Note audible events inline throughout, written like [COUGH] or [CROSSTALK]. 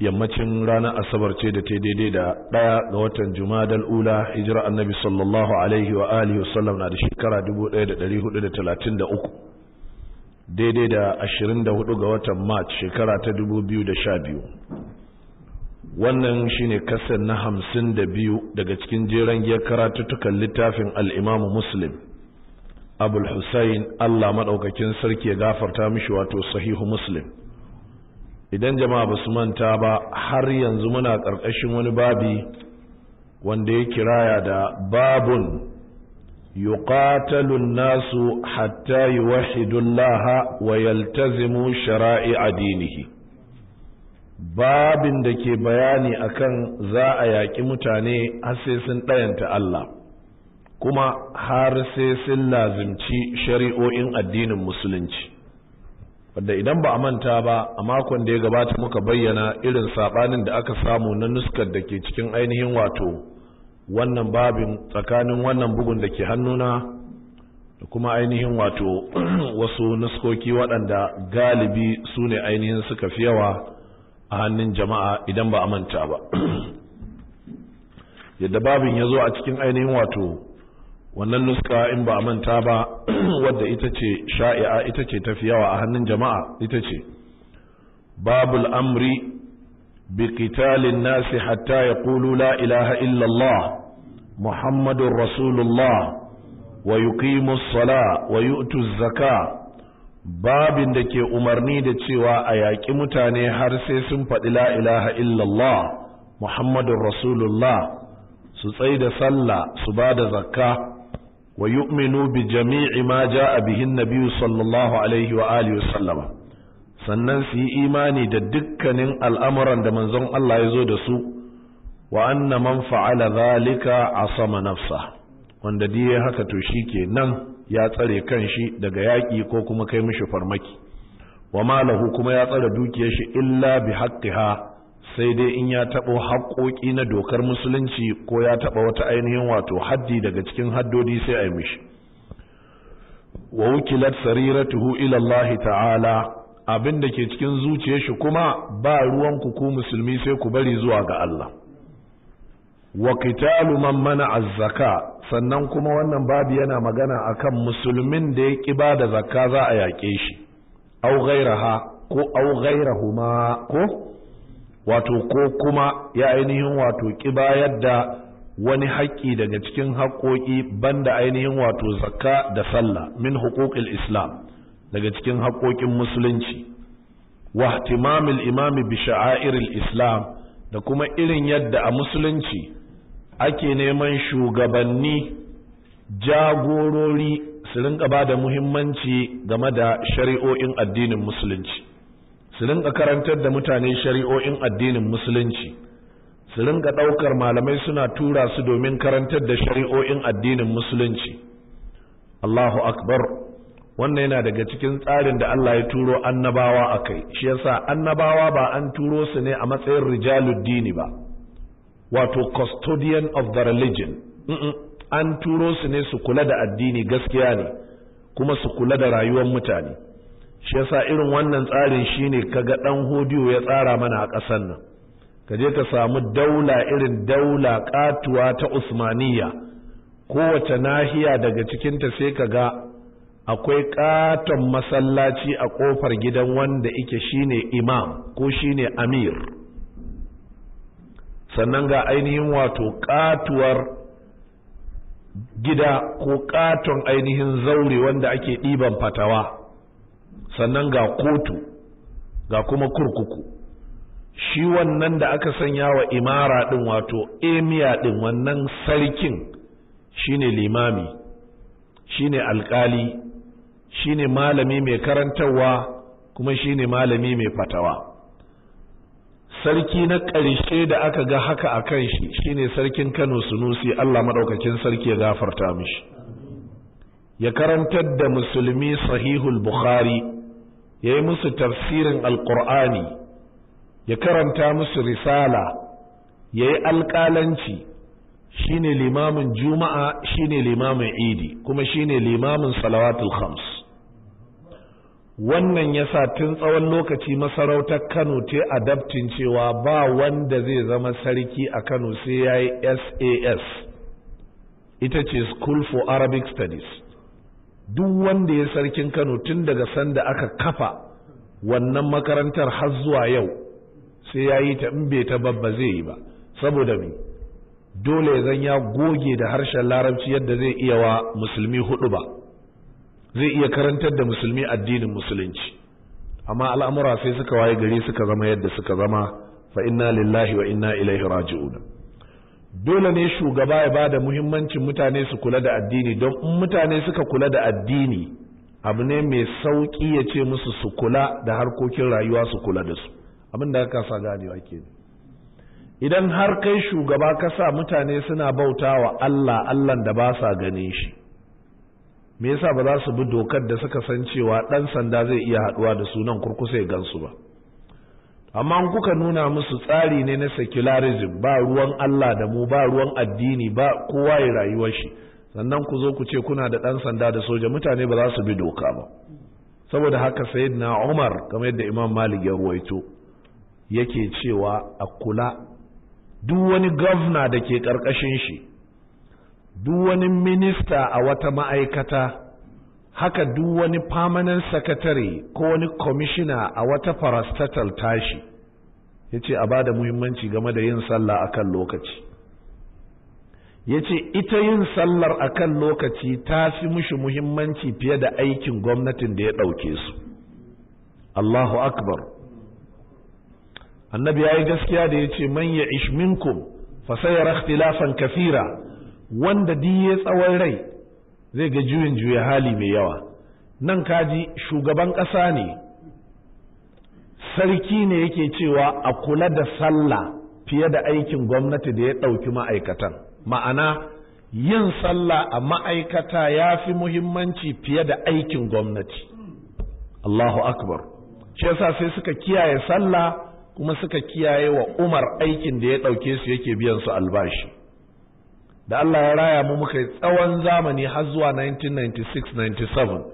yammacin ranar asabar ce da ta daidai da ɗaya ga watan jumadal ula hijira annabi sallallahu alaihi wa alihi wasallam na da shekara 1433 daidai da 24 ga watan march shekara ta 2012 wannan shine kasar na hamsin da daga cikin jeren giyar karatuttukan littafin al'imamu muslim abul hussein allah maɗaukakin sarki ya gafarta mishi wato sahihu muslim idan jama'a ba su manta ba har yanzu muna ƙarƙashin wani babi wanda ya kiraya da babun yuqatalun nasu hatta yuwahhidullaha wa yaltazimu shara'i adinihi babin da ke bayani akan za a yaƙi mutane har sai sun ɗayanta Allah kuma har sai sun lazimci shari'o'in addinin musulunci wadda idan ba a manta ba a makon da ya gabata muka bayyana irin saɓanin da aka samu na nuskar da ke cikin ainihin wato wannan babin tsakanin wannan bugun da ke hannuna da kuma ainihin wato [CLEARS THROAT] wasu nuskoki waɗanda galibi su ne ainihin suka fi yawa a hannun jama'a idan ba a manta ba [CLEARS THROAT] yadda babin ya zo a cikin ainihin wato wannan nuska in ba a manta ba [CLEARS THROAT] wadda ita ce sha'i'a ita ce tafi yawa a hannun jama'a ita ce babul amri bi qitalin nasi hatta yaqulu la ilaha illallah muhammadun rasulullah wa yuqimu sala wa yu'tu zaka babin da ke umarni da cewa a yaƙi mutane har sai sun faɗi la ilaha illallah muhammadun rasulullah su tsaida sallah su ba da zakka wa yu'minu bi jami'i ma ja'a bihin nabiyyu sallallahu alaihi wa sannan su yi imani da dukkanin al'amuran da manzon Allah ya zo da su wa anna man fa'ala zalika sama nafsa wanda ya haka to shi nan ya tsare kanshi daga yaki ko kuma kai mishi farmaki wa malahu kuma ya tsare dukiyar shi illa bi haqqiha sai dai in ya taɓo haƙoƙi na dokar musulunci ko ya taɓa wata ainihin wato haddi daga cikin haddodi sai a yi mishi wa wukilat sariratuhu ila Allah ta'ala abin da ke cikin zuciyar shi kuma ba ruwan ku ku musulmi sai ku bari zuwa ga Allah wa qitalu man mana az-zaka sannan kuma wannan babu yana magana akan musulmin da ya ba da zakka za a yake shi au ghairaha ko au ghairahuma ko wato ko kuma ya ainihin wato bayar da wani haƙƙi daga cikin haƙoƙi banda ainihin wato zakka da sallah min huquqil islam daga cikin haƙoƙin musulunci wa ihtimamil imami bi sha'airil islam da kuma irin yadda a musulunci ake neman shugabanni jagorori su rinka ba da muhimmanci game da shari'o'in addinin musulunci su rinka karantar da mutane shari'o'in addinin musulunci su rinka ɗaukar malamai suna tura su domin karantar da shari'o'in addinin musulunci Allahu akbar wannan yana daga cikin tsarin da Allah ya turo annabawa a kai shi yasa annabawa ba an turo su ne a matsayin rijaluddini ba wato custodian of the religion mm an turo su ne su kula da addini gaskiya ne kuma su kula da rayuwar mutane shi yasa irin wannan tsarin shine kaga dan hodiyo ya tsara mana a ƙasar nan ka je ka samu daula irin daula katuwa ta Usmaniyya kowace nahiya daga cikinta sai ka ga akwai katon masallaci a ƙofar gidan wanda ike shine imam ko shine amir sannan ga ainihin wato katuwar gida ko katon ainihin zaure wanda ake ɗiban fatawa sannan ga kotu ga kuma kurkuku shi wannan da aka sanya wa imara din wato emiya din wannan sarkin shine limami shine alkali shine malami mai karantarwa kuma shine malami mai fatawa sarki na ƙarshe da aka ga haka a kan shi shine sarkin Kano Sunusi Allah maɗaukacin sarki ya gafarta mishi ya karantar da musulmi sahihul bukhari ya yi musu tafsirin alƙur'ani ya karanta musu risala ya yi alƙalanci shi ne limamin juma'a shi ne limamin idi kuma shi ne limamin salawatul khams wannan ya sa tun tsawon lokaci masarautar kano yi adabtin cewa ba wanda zai zama sarki a kano sai ya yi sas ita ce school for arabic studies duk wanda ya sarkin Kano tun daga sanda aka kafa wannan makarantar har zuwa yau sai ya yi ta in bai ta babba zai yi ba saboda me dole zan ya goge da harshen larabci yadda zai iya wa musulmi hudu ba zai iya karantar da musulmi addinin musulunci amma al'amura sai suka waye gari suka zama yadda suka zama fa inna lillahi wa inna ilaihi raji'un dole ne shugaba ya bada muhimmancin mutane su kula da addini don in mutane suka kula da addini abu ne mai sauƙi ya ce musu su kula da harkokin rayuwa su kula da su abin da aka sa ganewa ke idan har kai shugaba ka sa mutane suna bauta wa Allah Allah da ba sa ganin shi me yasa ba za su bi dokar da suka san cewa ɗan sanda zai iya haɗuwa da sunan kurkusa ya gansu ba amma kuka nuna musu tsari ne na secularism ba ruwan Allah da mu ba ruwan addini ba kowa ya rayuwar shi sannan ku zo ku ce kuna da ɗan sanda da soja mutane ba za su bi doka ba saboda haka sayyidina Umar kamar yadda Imam Malik ya ruwaito yake cewa a kula duk wani governor da ke ƙarƙashin shi duk wani minista a wata ma'aikata haka duk wani permanent secretary ko wani commissioner a wata parastatal tashi ya ce a bada muhimmanci game da yin sallah a kan lokaci ya ce ita yin sallar a kan lokaci ta fi mushi muhimmanci fiye da aikin gwamnatin da ya ɗauke su Allahu akbar annabi ya yi gaskiya da ya ce manya ishminkum fasayar ikhtilafan kafira wanda di ya tsawon rai zai ga juyin juya hali mai yawa nan kaji shugaban ƙasa ne sarki ne yake cewa a kula da sallah fiye da aikin gwamnati da ya ɗauki ma'aikatan ma'ana yin sallah a ma'aikata ya fi muhimmanci fiye da aikin gwamnati Allahu akbar shi yasa sai suka kiyaye sallah kuma suka kiyaye wa Umar aikin da ya ɗauke su yake biyan su albashi da Allah ya raya mu muka yi tsawon zamani har zuwa 1996-97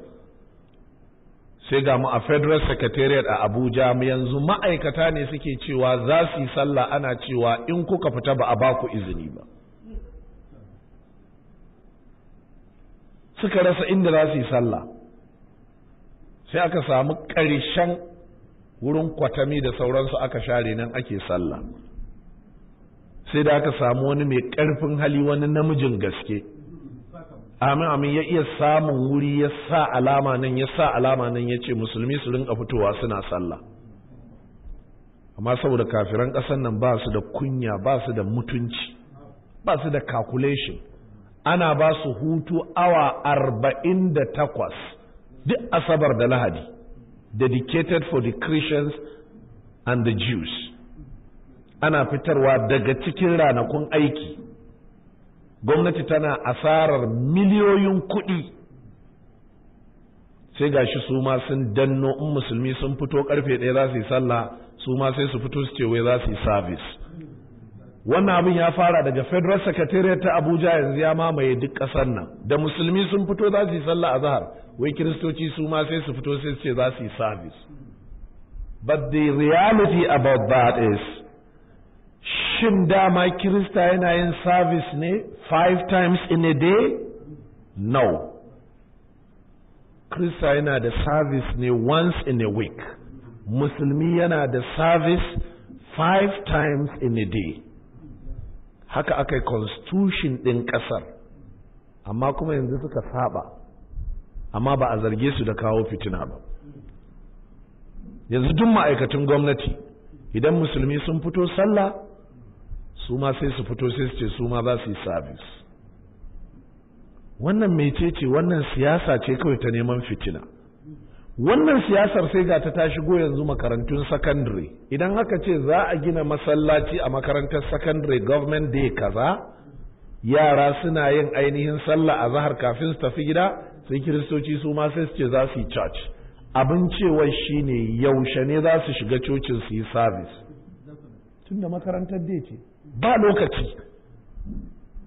sai ga mu a federal secretariat a abuja yanzu ma'aikata ne suke cewa za su yi sallah ana cewa in kuka fita ba a baku izini ba suka rasa inda za su yi sallah sai aka samu ƙarshen wurin kwatami da sauransu aka share nan ake sallah sai da aka samu wani mai ƙarfin hali wani namijin gaske amin amin ya iya samun wuri ya sa alama nan ya sa alama nan ya ce musulmi su rinka fitowa suna sallah amma saboda kafiran ƙasar nan ba su da kunya ba su da mutunci ba su da calculation ana ba su hutu awa arba'in da takwas duk asabar da lahadi dedicated for the christians and the jews ana fitarwa daga cikin ranakun aiki gwamnati tana asarar miliyoyin kuɗi sai shi su ma sun danno in musulmi sun fito karfe ɗaya za su yi sallah su ma sai su fito su ce wai za su yi sabis wannan abin ya fara daga federal secretariat ta abuja yanzu ya mamaye duk ƙasar nan da musulmi sun fito za su yi sallah a zahar wai kiristoci su ma sai su fito sai su ce za su yi sabis but the reality about that is shin dama kirista yana yin service ne five times in a day no kirista yana da service ne once in a week musulmi yana da service five times in a day haka aka yi constitution ɗin ƙasar amma kuma yanzu suka saba amma ba a zarge su da kawo fitina ba yanzu duk ma'aikatan gwamnati idan musulmi sun fito sallah su ma sai su fito sai su ce su ma za su yi sabis wannan ce wannan siyasa ce kawai ta neman fitina wannan siyasar sai ga ta ta shigo yanzu makarantun sakandare idan haka ce za a gina masallaci a makarantar sakandare government day kaza yara suna yin ainihin sallah a zahar kafin su tafi gida sai kiristoci su ma sai su ce za su yi church abin cewa ne yaushe ne za su shiga cocin su yi service da makarantar dai ce ba lokaci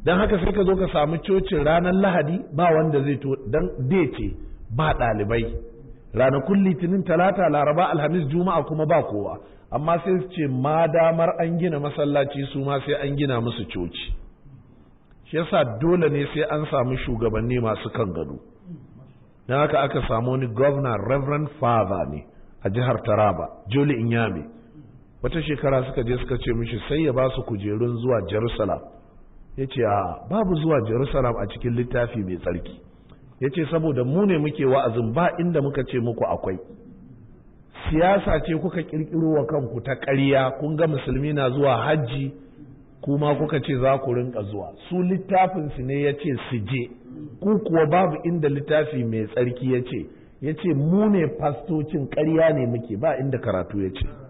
don haka sai ka zo ka samu cocin ranar lahadi ba wanda zai to don dace ce ba ɗalibai ranakun litinin talata laraba alhamis juma'a kuma ba kowa amma sai su ce ma damar an gina masallaci su ma sai an gina musu coci shi yasa dole ne sai an samu shugabanni masu kan gado don haka aka samu wani governor reverend father ne a jihar taraba joli inyami wata shekara suka je suka ce mishi sai ya ba su kujerun zuwa jerusalem ya ce a babu zuwa jerusalem a cikin littafi mai tsarki ya ce saboda mu ne muke wa'azin ba inda muka ce muku akwai siyasa ce kuka ƙirƙiro wa kanku ta ƙarya kun ga musulmi na zuwa hajji kuma kuka ce za ku rinka zuwa su littafinsu ne ya ce su je ku kuwa babu inda littafi mai tsarki ya ce ya ce mu ne fastocin ƙarya ne muke ba inda karatu ya ce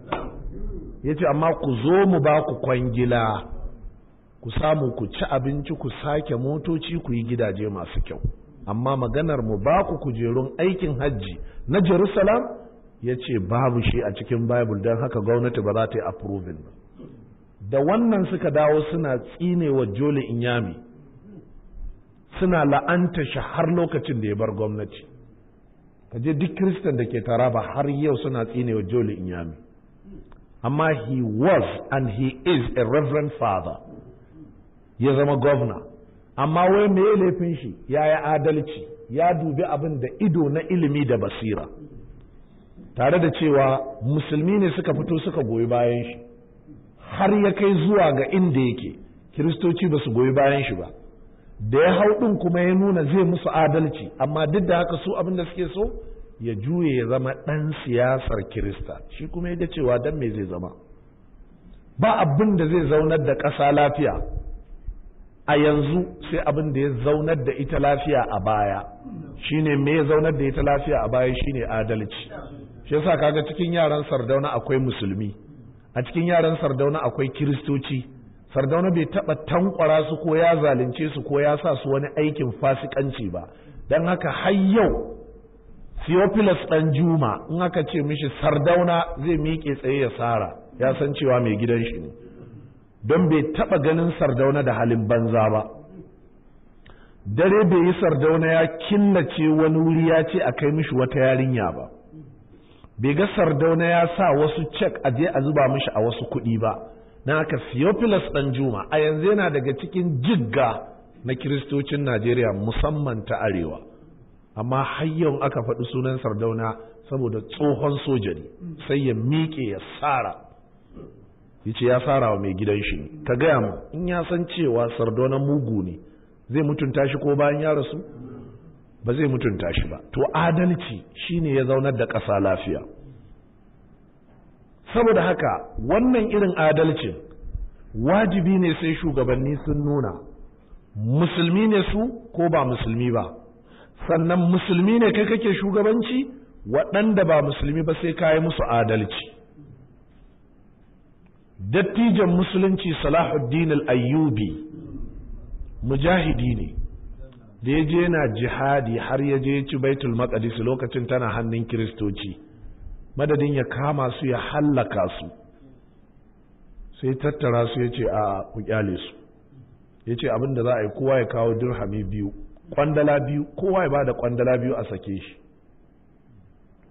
ya ce amma ku zo mu ba ku kwangila ku samu ku ci abinci ku sake motoci ku yi gidaje masu kyau amma maganar mu ba ku kujerun aikin hajji na jerusalem ya ce babu shi a cikin bible don haka gwamnati ba za ta yi approving ba da wannan suka dawo suna tsine wa jole inyami suna la'anta shi har lokacin da ya bar gwamnati kaje duk kristan da ke taraba har yau suna tsine wa jole inyami amma he was and he is a reverend father ya zama governor amma wai me laifin shi ya yi adalci ya dubi abin da ido na ilimi da basira tare da cewa musulmi ne suka fito suka goyi bayan shi har ya kai zuwa ga inda yake kiristoci ba su goyi bayan shi ba da ya hau ɗin kuma ya nuna zai musu adalci amma duk da haka su abin da suke so ya juye ya zama ɗan siyasar kirista shi kuma ya cewa dan me zai zama ba abin da zai zaunar da ƙasa lafiya a yanzu sai abin da ya zaunar da ita lafiya a baya shine me ya zaunar da ita lafiya a baya shine adalci shi yasa kaga cikin yaran sardauna akwai musulmi a cikin yaran sardauna akwai kiristoci sardauna bai taɓa tankwara su ko ya zalunce su ko ya sa su wani aikin fasikanci ba don haka har yau Theophilus ɗan Juma in aka ce mishi sardauna zai miƙe tsaye ya sara ya san cewa mai gidan shi ne don bai taɓa ganin sardauna da halin banza ba dare bai yi sardauna ya killace wani wuri ya ce a kai mishi wata yarinya ba bai ga sardauna ya sa wasu cek a je a zuba mishi a wasu kuɗi ba na aka Theophilus ɗan Juma a yanzu yana daga cikin jigga na kiristocin Najeriya musamman ta arewa. amma hayyan aka faɗi sunan sardauna saboda tsohon soja sai ya miƙe ya tsara ya ce ya tsara wa mai gidan shi ne ka gaya mu in ya san cewa sardauna mugu ne zai mutunta shi ko bayan ya rasu ba zai mutunta shi ba to adalci shine ya zaunar da ƙasa lafiya saboda haka wannan irin adalcin wajibi ne sai shugabanni sun nuna musulmi ne su ko ba musulmi ba sannan musulmi ne kai kake shugabanci waɗanda ba musulmi ba sai ka yi musu adalci dattijan musulunci salahuddin al-ayyubi mujahidi ne da ya je yana jihadi har ya je ci baitul maqdis lokacin tana hannun kiristoci madadin ya kama su ya hallaka su sai tattara su ya ce a ku kyale su ya ce abin za a yi kowa ya kawo dirhami biyu kwandala biyu kowa ya bada kwandala biyu a sake shi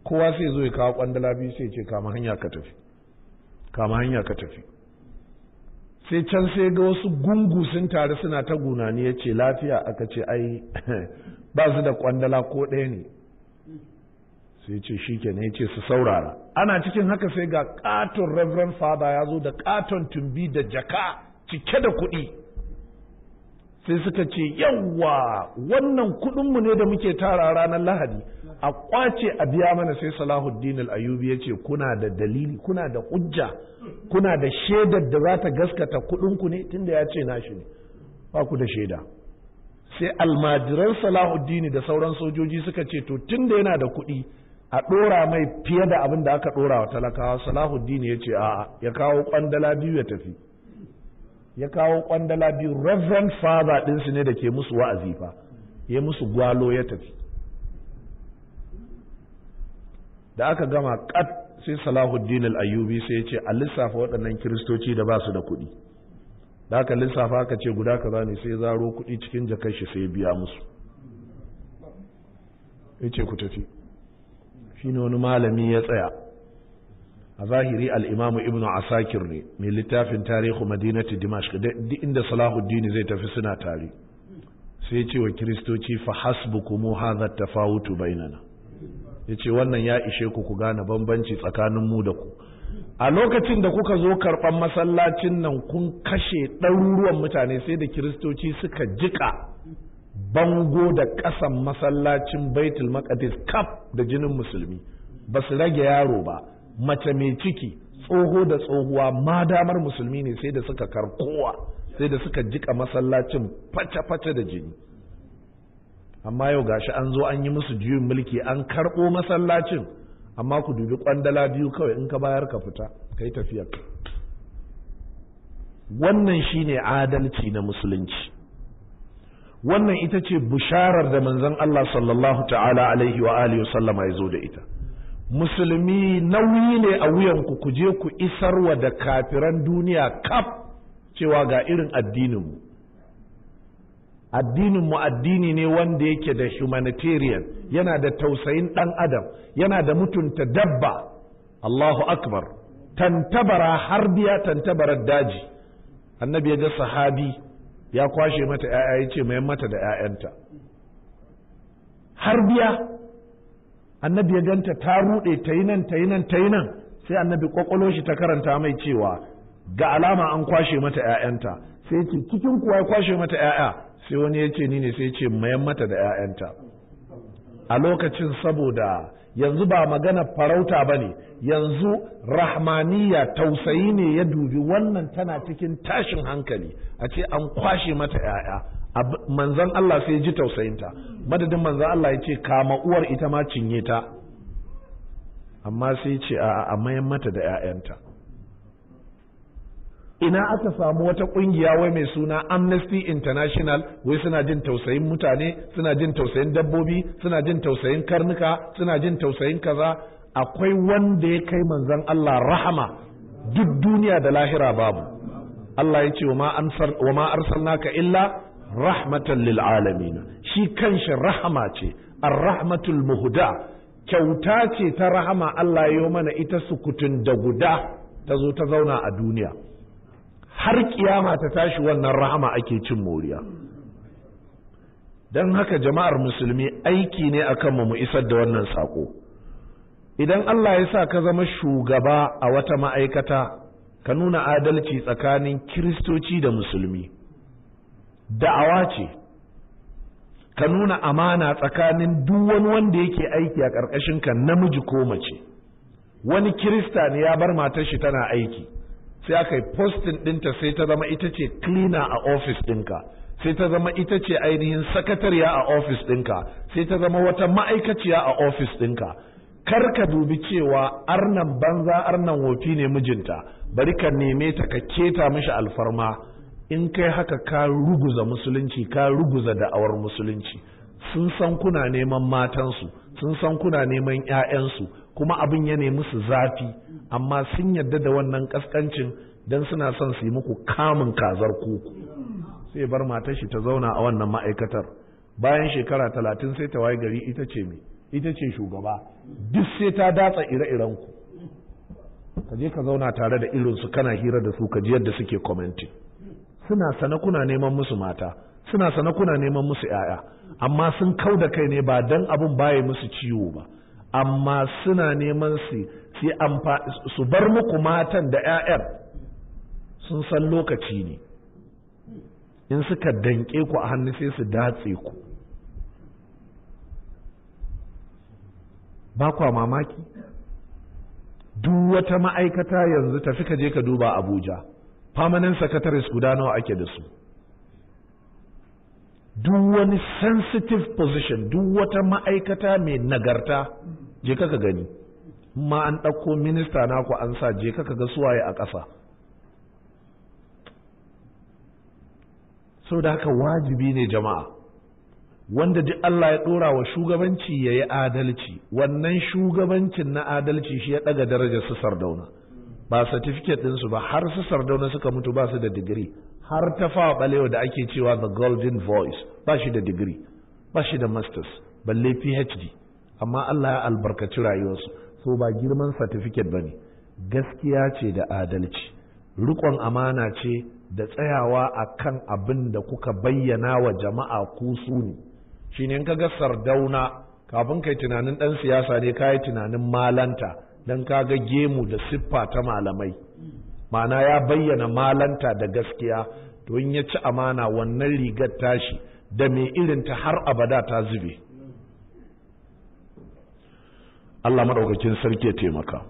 kowa sai zo ya kawo kwandala biyu sai ce kama hanya ka tafi kama hanya ka tafi sai can sai ga wasu gungu sun taru suna ta gunani ya ce lafiya aka ce ai [LAUGHS] ba su da kwandala ko ɗaya ne sai ce shi ke ya ce su saurara ana cikin haka sai ga katon reverend father ya zo da katon tumbi da jaka cike da kuɗi sai suka ce yawwa wannan kuɗinmu ne da muke tara ranar lahadi a kwace a biya mana sai salahuddin al-ayubi ya ce kuna da dalili kuna da hujja kuna da shaidar da za ta gaskata kuɗinku ne tunda ya ce nashi ne ba ku da shaida sai almajiran salahuddin da sauran sojoji suka ce to tunda yana da kuɗi a ɗora mai fiye da abin da aka ɗora wa talakawa salahuddin ya ce a'a ya kawo kwandala biyu ya tafi ya kawo kwandala biyu reverend father su ne da ke musu wa'azi fa ya musu gwalo ya tafi da aka gama kat sai salahuddin al-ayyubi sai ya ce a lissafa waɗannan kiristoci da ba su da kuɗi da aka lissafa aka ce guda ka ne sai zaro kuɗi cikin jakar shi sai biya musu ya ce ku tafi shi ne wani malami ya tsaya a zahiri al'imamu ibnu asakir ne mai littafin tarihu madinati dimashq duk inda salahuddini zai tafi suna tare sai ce wa kiristoci fa hasbukumu hadha tafawutu bainana ce wannan ya ishe ku ku gane bambanci tsakanin mu da ku a lokacin da kuka zo karɓar masallacin nan kun kashe ɗaruruwan mutane sai da kiristoci suka jika bango da ƙasan masallacin baitul Maƙadis kaf da jinin musulmi ba su rage yaro ba mace mai ciki tsoho da tsohuwa ma damar musulmi ne sai da suka karkowa sai da suka jika masallacin face-face da jini amma yau gashi an zo an yi musu juyin mulki an karɓo masallacin amma ku dubi kwandala biyu kawai in ka bayar ka fita ka yi tafiyar wannan shine adalci na musulunci wannan ita ce bisharar da manzon Allah sallallahu ta'ala alaihi wa alihi wa sallama ya zo da ita musulmi nauyi ne a wuyanku ku je ku isarwa da kafiran duniya kaf cewa ga irin addininmu addininmu addini ne wanda yake da humanitarian yana da tausayin ɗan adam yana da mutunta dabba Allahu akbar tantabara har biya tantabarar daji annabi ya ga sahabi ya kwashe mata ‘ya'ya ya ce mayan mata da ‘ya'yanta har biya annabi ya ganta ta ruɗe ta yi nan ta yi nan ta yi nan sai annabi kwakwalo shi ta karanta mai cewa ga alama an kwashe mata 'ya'yanta sai ce cikin kuwa ya kwashe mata 'ya'ya sai wani ya ce ni ne sai ce mayan mata da 'ya'yanta a lokacin saboda yanzu ba magana farauta ba ne yanzu rahmaniya tausayi ne ya dubi wannan tana cikin tashin hankali a ce an kwashe mata 'ya'ya manzan Allah sai ji tausayinta madadin manzan Allah ya ce kama uwar ita ma cinye ta amma sai ce a mayan mata da 'ya'yanta ina aka samu wata kungiya wai mai suna amnesty international wai suna jin tausayin mutane suna jin tausayin dabbobi suna jin tausayin karnuka suna jin tausayin kaza akwai wanda ya kai manzan Allah rahama duk duniya da lahira babu Allah ya ce wa ma arsalnaka illa rahmatan lil alamin shi kanshi rahama ce ar-rahmatul muhda kyauta ce ta rahama Allah ya mana ita sukutun da guda ta zo ta zauna a duniya har kiyama ta tashi wannan rahama ake cin moriya don haka jama'ar musulmi aiki ne akan mu mu isar da wannan saƙo. idan Allah ya sa ka zama shugaba a wata ma'aikata ka nuna adalci tsakanin kiristoci da musulmi da'awa ce ka nuna amana tsakanin duk wani wanda yake aiki a ƙarƙashin ka namiji ko mace wani kirista ne ya bar matar shi tana aiki sai aka yi postin ɗinta sai ta zama ita ce cleaner a ofis ɗinka sai ta zama ita ce ainihin sakatariya a ofis ɗinka sai ta zama wata ma'aikaciya a ofis ɗinka kar ka dubi cewa arnan banza arnan wofi ne mijinta bari ka neme ta ka keta mishi alfarma in kai haka ka ruguza musulunci ka ruguza da'awar musulunci sun san kuna neman matansu sun san kuna neman 'ya'yansu kuma abin ya nemi su zafi amma sun yadda da wannan kaskancin don suna son su yi muku kamun kazar kuku sai bar matar shi ta zauna a wannan ma'aikatar bayan shekara talatin sai ta waye gari ita ce me ita ce shugaba duk sai ta datsa ire-irenku ka je ka zauna tare da irinsu kana hira da su ka ji yadda suke commenting suna sana kuna neman musu mata suna sana kuna neman musu ‘ya'ya amma sun kau da kai ne ba don abin baya musu ciwo ba amma suna neman su su bar muku matan da ‘ya'yan sun san lokaci ne in suka danƙe ku a hannu sai su datse ku ba kwa mamaki duk wata ma'aikata yanzu tafi ka je ka duba abuja permanent secretaries guda nawa ake da su duk wani sensitive position duk wata ma'aikata mai nagarta je kaka gani ma an ɗauko minista naku an sa je kaka ga suwaye a ƙasa sau da haka wajibi ne jama'a wanda duk Allah ya ɗora wa shugabanci ya yi adalci wannan shugabancin na adalci shi ya ɗaga darajar su sardauna ba certificate su ba har su sardauna suka mutu ba su da digiri har ta fawa balewa da ake cewa the golden voice ba shi da digiri ba shi da masters balle phd amma allah ya albarkaci rayuwarsu so ba girman certificate ba ne gaskiya ce da adalci Rukon amana ce da tsayawa a kan abin da kuka bayyana wa jama'a ku su ne shi in ka ga sardauna kafin kai tunanin ɗan siyasa ne ka yi tunanin malanta don kaga gemu da siffa ta malamai ma'ana ya bayyana malanta da gaskiya to in ya ci amana wannan rigar tashi da mai ta har abada ta zube Allah maɗaukakin sarki ya taimaka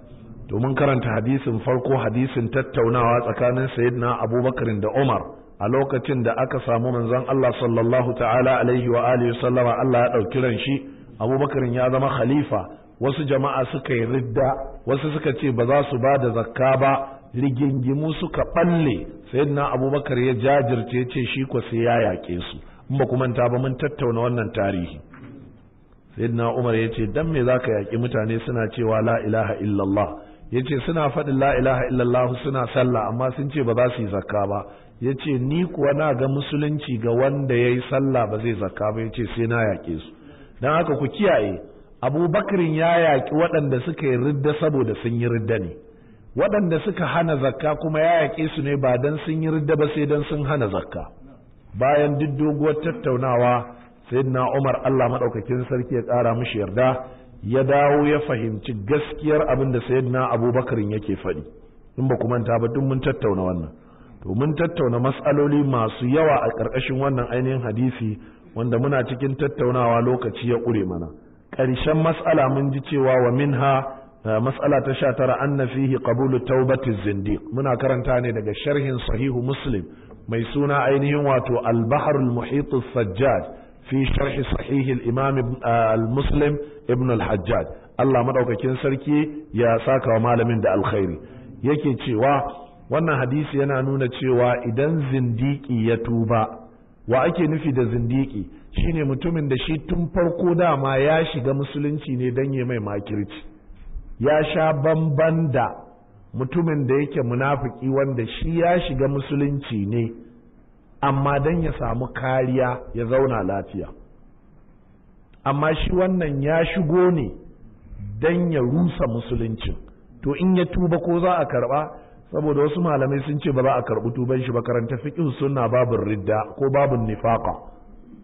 domin karanta hadisin farko hadisin tattaunawa tsakanin sayyidina abubakar da umar a lokacin da aka samu manzon Allah sallallahu ta'ala alaihi wa alihi sallama Allah ya ɗauki ran shi abubakar ya zama khalifa wasu jama'a suka yi ridda wasu suka ce ba za su ba da zakka ba rigingimu suka balle na abubakar ya jajirce ce shi ko sai ya yaƙe su in ba kuma ta ba mun tattauna wannan tarihi na umar ya ce dan me za ka yaƙi mutane suna cewa la ilaha illallah ya ce suna faɗin la ilaha illallah suna sallah amma sun ce ba za su yi zakka ba ya ce ni kuwa na ga musulunci ga wanda ya yi sallah ba zai zakka ba ya ce sai na yaƙe su don haka ku kiyaye bakrin ya yaƙi waɗanda suka yi ridda saboda sun yi ridda ne waɗanda suka hana zakka kuma ya yaƙi su ne ba don sun yi ridda ba sai don sun hana zakka bayan duk doguwar tattaunawa sayyidina umar allah maɗaukakin sarki ya ƙara mishi yarda ya dawo ya fahimci gaskiyar abin da sayyidina abubakarin yake faɗi in ba ku manta ba duk mun tattauna wannan to mun tattauna matsaloli masu yawa a ƙarƙashin wannan ainihin hadisi wanda muna cikin tattaunawa lokaci ya ƙure mana ƙarshen mas'ala mun ji cewa wa minha eh, mas'ala ta sha tara anna fihi qabulu taubati zindiq muna karanta ne daga sharhin sahihu muslim mai suna ainihin wato al-bahr sajjad fi sharhi sahih imam eh, al-muslim ibn al Allah madaukakin sarki ya saka wa malamin da alkhairi yake cewa wannan hadisi yana nuna cewa idan zindiki ya tuba wa ake nufi da zindiki shine mutumin da shi tun farko dama ya shiga musulunci ne don ya mai makirci ya sha bamban da mutumin da yake munafuki wanda shi ya shiga musulunci ne amma don ya samu kariya ya zauna lafiya amma shi wannan ya shigo ne don ya rusa musuluncin to in ya tuba ko za a karba saboda wasu malamai sun ce ba za a karbi tuban shi ba karanta fiqh sunna babu ridda ko babu nifaka.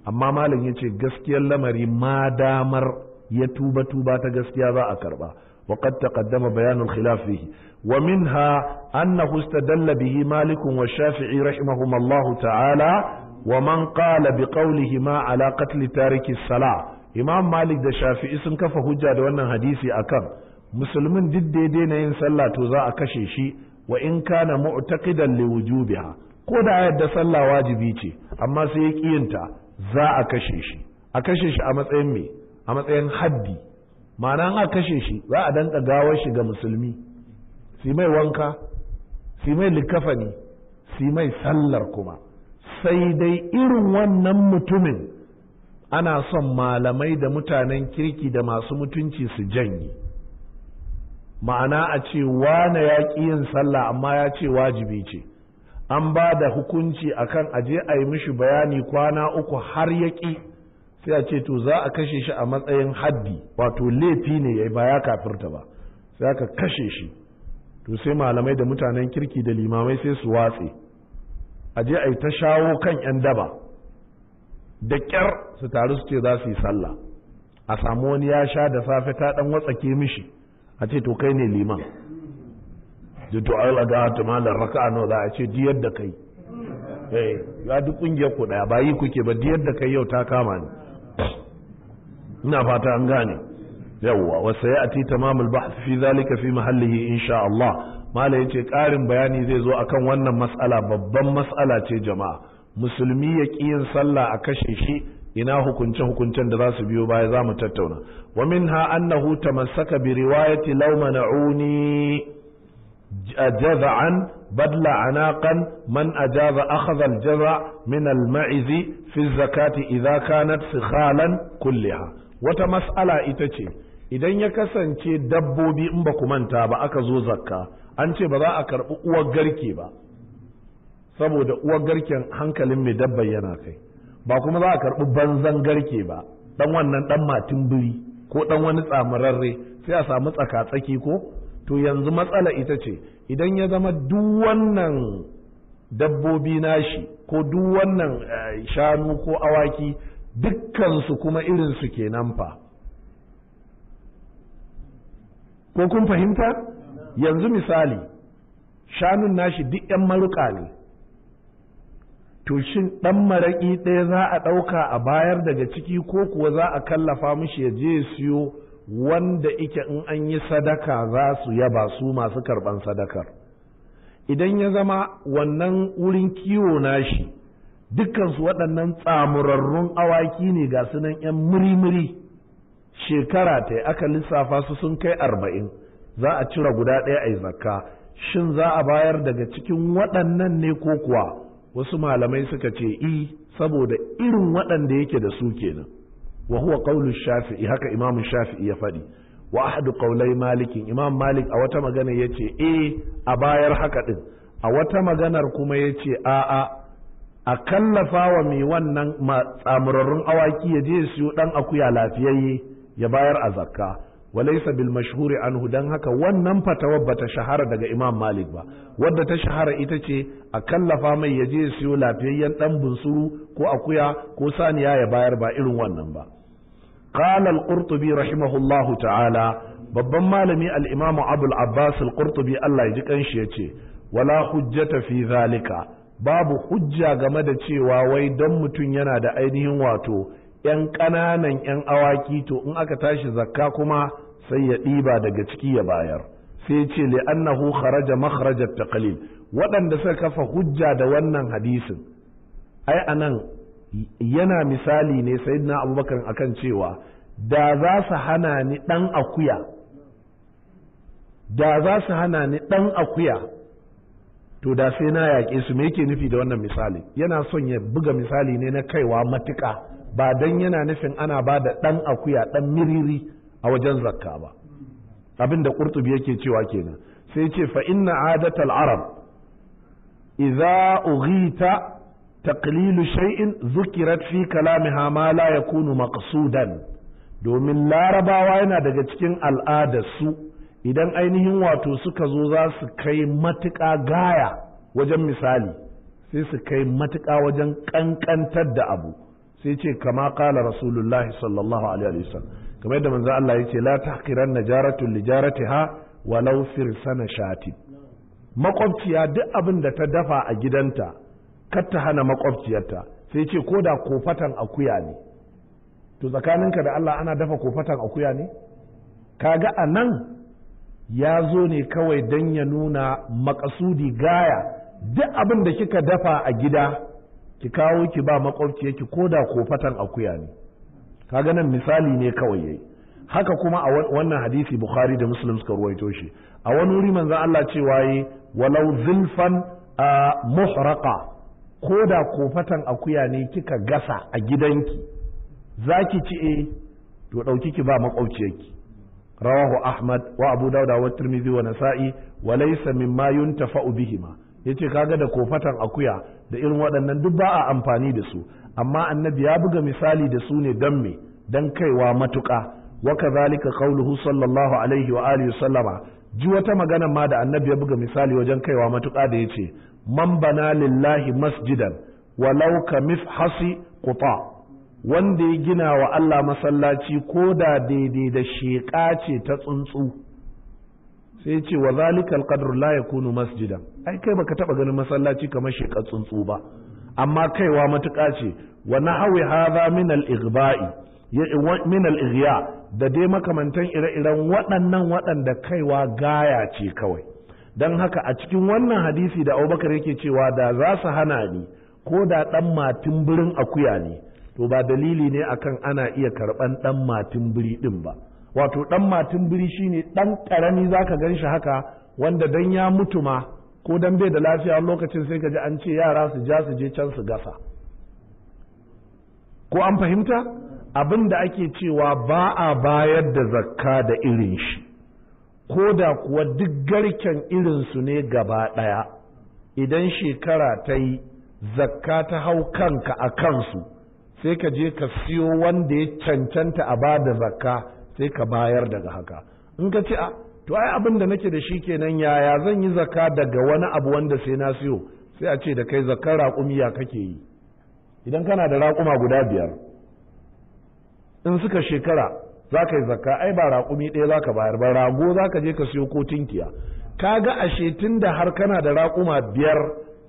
amma malam ya ce gaskiyar lamari ma damar ya tuba tuba ta gaskiya za a karba وقد تقدم بيان الخلاف فيه ومنها أنه استدل به مالك والشافعي رحمهما الله تعالى ومن قال بقولهما على قتل تارك الصلاة إمام مالك ده شافعي سن كفى حجة ده wannan hadisi akan musulmin duk daidai na yin sallah to za a kashe shi wa in kana mu'taqidan li wujubiha ko da yadda sallah wajibi ce amma sai ya kiyinta za a kashe shi a kashe shi a matsayin me a matsayin haddi ma'ana a kashe shi za a danka gawar shi ga musulmi si mai wanka si mai likafani si mai sallar kuma sai dai irin wannan mutumin ana son malamai da mutanen kirki da masu mutunci su janye ma'ana a ce wane ya ƙi yin sallah amma ya ce wajibi ce an ba da hukunci akan aje a yi mishi bayani kwana uku har yaƙi sai a ce to za a kashe shi a matsayin haddi wato laifi ne ya ba ya kafirta ba sai aka kashe shi to sai malamai da mutanen kirki da limamai sai su watse aje a yi ta shawo kan 'yan daba da ƙyar su taru su ce za su yi sallah a samu wani ya sha da safe ta ɗan watsa ke mishi a ce to kai ne liman da to ga ta malar raka'a nawa za a ce diyar da kai eh ya duk kungiyar ku daya ba yi kuke ba diyar da kai yau ta kama ni ina fata an gane yawwa wa sayati tamamul bahth fi zalika fi mahallihi insha Allah mala yace karin bayani zai zo akan wannan mas'ala babban mas'ala ce jama'a musulmi ya yin sallah a kashe shi ina hukunce hukuncen da za su biyo baya za mu tattauna wa minha annahu tamassaka bi riwayati law mana'uni جذعا بدل عناقا من أجاب أخذ الجذع من المعز في الزكاة إذا كانت سخالا كلها وتمسألة إتشي idan ya kasance dabbobi in ba ku manta ba aka zo zakka an ce ba za a karɓi uwar garke ba saboda uwar garken hankalin mai dabbar yana kai ba kuma za a karɓi banzan garke ba dan wannan dan matin biri ko dan wani tsamurarre sai a samu tsaka-tsaki ko to yanzu matsala ita ce idan ya zama duk wannan dabbobi nashi ko duk wannan eh, shanu ko awaki dukkansu kuma irin irinsu kenan fa ko kun fahimta yanzu misali shanun nashi duk 'yan maruka ne to shin ɗan maraƙi ɗaya za a ɗauka a bayar daga ciki ko kuwa za a kallafa mishi ya je siyo wanda ike in an yi sadaka za su yaba su masu karban sadakar idan ya zama wannan wurin kiwo nashi dukansu waɗannan tsamurarrun awaki ne ga sunan 'yan muri shekara ta aka lissafa su sun kai arba'in za a cire guda ɗaya a yi zakka shin za a bayar daga cikin waɗannan ne ko kuwa wasu malamai suka ce i saboda irin waɗanda yake da su kenan wa huwa shafi'i haka imam shafi'i ya faɗi wa ahadu malikin imam malik a wata magana yace eh a bayar haka din a wata maganar kuma yace a a a wa mai wannan tsamurarrun awaki ya je siyo dan akuya lafiyayye ya bayar a zakka walaysa bil mashhuri anhu dan haka wannan fatawar bata shahara daga imam malik ba wadda ta shahara ita ce a kallafa mai ya je siyo lafiyayyen dan bunsuru ko akuya ko saniya ya bayar ba irin wannan ba qala al rahimahullahu ta'ala babban malami al-imam abul abbas al-qurtubi Allah ya ji kanshi yace wala hujjata fi zalika babu hujja game da cewa wai don mutum yana da ainihin wato yan ƙananan yan awaki to in aka tashi zakka kuma sai ya ɗiba daga ciki ya bayar sai ce li'annahu kharaja makhraja taqlil waɗanda suka kafa hujja da wannan hadisin ai anan yana misali ne sayyidina abubakar akan cewa da za su hana ni ɗan akuya da za su hana ni ɗan akuya to da sai na yaƙe su me yake nufi da wannan misali yana son ya buga misali ne na kaiwa matuka. ba don yana nufin ana ba da ɗan akuya ɗan miriri a wajen zakka ba abin da ƙurtubi yake cewa kenan sai ce fa inna adatal arab idza ughita taqlilu shai'in, zukirat fi kalamiha ma la yakunu maqsudan domin larabawa yana daga cikin al'adarsu idan ainihin wato suka zo za su kai matuƙa gaya wajen misali sai su kai matuƙa wajen ƙanƙantar da abu sai ce kama kala rasulullahi sallallahu alaihi sallam. kamar yadda manzo Allah yace la tahqiran najaratun lijaratiha walau firsana shati Maƙwabciya duk abin da ta dafa a gidanta kar ta hana makwabciyarta sai ce ko da kofatan akuya ne to tsakaninka da Allah ana dafa kofatan akuya ne kaga a nan ya zo ne kawai don ya nuna makasudi gaya duk abin da kika dafa a gida ki kawo ki ba makwabciyarki ko da kofatan akuya ne kaga nan misali ne kawai yayi haka kuma a wannan hadisi bukhari da muslim suka ruwaito shi a wani wuri manzo Allah cewa yi walau zulfan muhraqa ko da kofatan akuya ne kika gasa a gidanki za ki ci e to ɗauki ki ba maƙwabciyarki rawahu ahmad wa abu dauda wa tirmidhi wa nasa'i wa laysa mimma yuntafa'u bihima yace kaga da kofatan akuya da irin waɗannan duk ba a amfani da su amma annabi ya buga misali da su ne dan me dan kaiwa matuƙa wa kadhalika qauluhu sallallahu alaihi wa alihi sallama ji wata magana ma da annabi ya buga misali wajen kaiwa matuƙa da ya ce man bana lillahi masjidan walau ka mifhasi quta wanda ya gina wa Allah masallaci ko da daidai da sheƙa ce ta tsuntsu sai ce wa zalika alqadru la yakunu masjidan ai kai baka taba ganin masallaci kamar sheƙar tsuntsu ba amma kaiwa matuƙa ce wa nahwi hadha min al-ighba'i min al-ighya da dai makamantan ire-iren waɗannan waɗanda kaiwa gaya ce kawai don haka a cikin wannan hadisi da abubakar yake cewa da za su hana ni ko da ɗan matin birin akuya ne to ba dalili ne akan ana iya karɓan ɗan matin biri ɗin ba wato ɗan matin biri shi ne ɗan ƙarami za ka gan shi haka wanda don ya mutu ma ko don bai da lafiya lokacin sai ka ji an ce yara su ja su je can su gasa ko an fahimta abin da ake cewa ba a bayar da zakka da irin shi ko da kuwa duk garken irinsu ne gaba ɗaya idan shekara ta yi zakka ta hau kanka a kansu sai ka je ka siyo wanda ya cancanta a ba da zakka sai ka bayar daga haka in ka ce a to ai abin da nake da shi kenan yaya zan yi zakka daga wani abu wanda sai na siyo sai a ce da kai zakkar raƙumiya kake yi idan kana da raƙuma guda biyar in suka shekara za ka yi zakka ai ba raƙumi ɗaya za ka bayar ba rago za ka je ka siyo ko tinkiya ka ga ashe tun da har kana da raƙuma biyar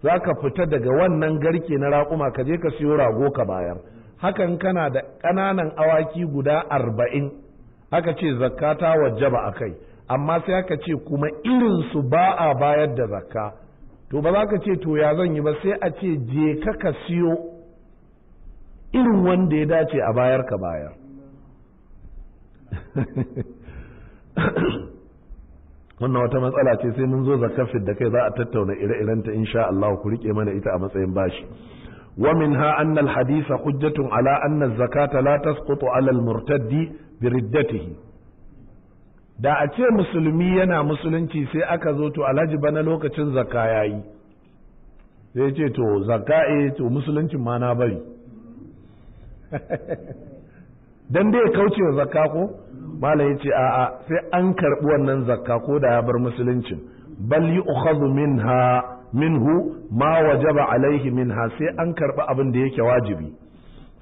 za ka fita daga wannan garke na raƙuma ka je ka siyo rago ka bayar hakan kana da ƙananan awaki guda arba'in aka ce zakka ta wajaba a kai amma sai aka ce kuma irinsu ba a bayar da zakka to ba za ka ce to ya zan yi ba sai a ce je ka ka siyo irin wanda ya dace a bayar ka bayar [LAUGHS] wannan wata matsala ce sai mun zo zakafin da kai za a tattauna ire-irenta insha Allah ku rike mana ita a matsayin bashi wa min anna al hujjatun ala anna az-zakata la tasqutu ala al-murtaddi bi riddatihi da a ce musulmi yana musulunci sai aka zo to alhaji bana lokacin zakka yayi sai ce to zakka eh to musuluncin ma na bari [LAUGHS] dan ya kauce wa zakka ko malam ce a'a sai an karbi wannan zakka ko da ya bar musulunci bal yu'khadhu minha minhu ma wajaba alaihi minha sai an karbi abin da yake wajibi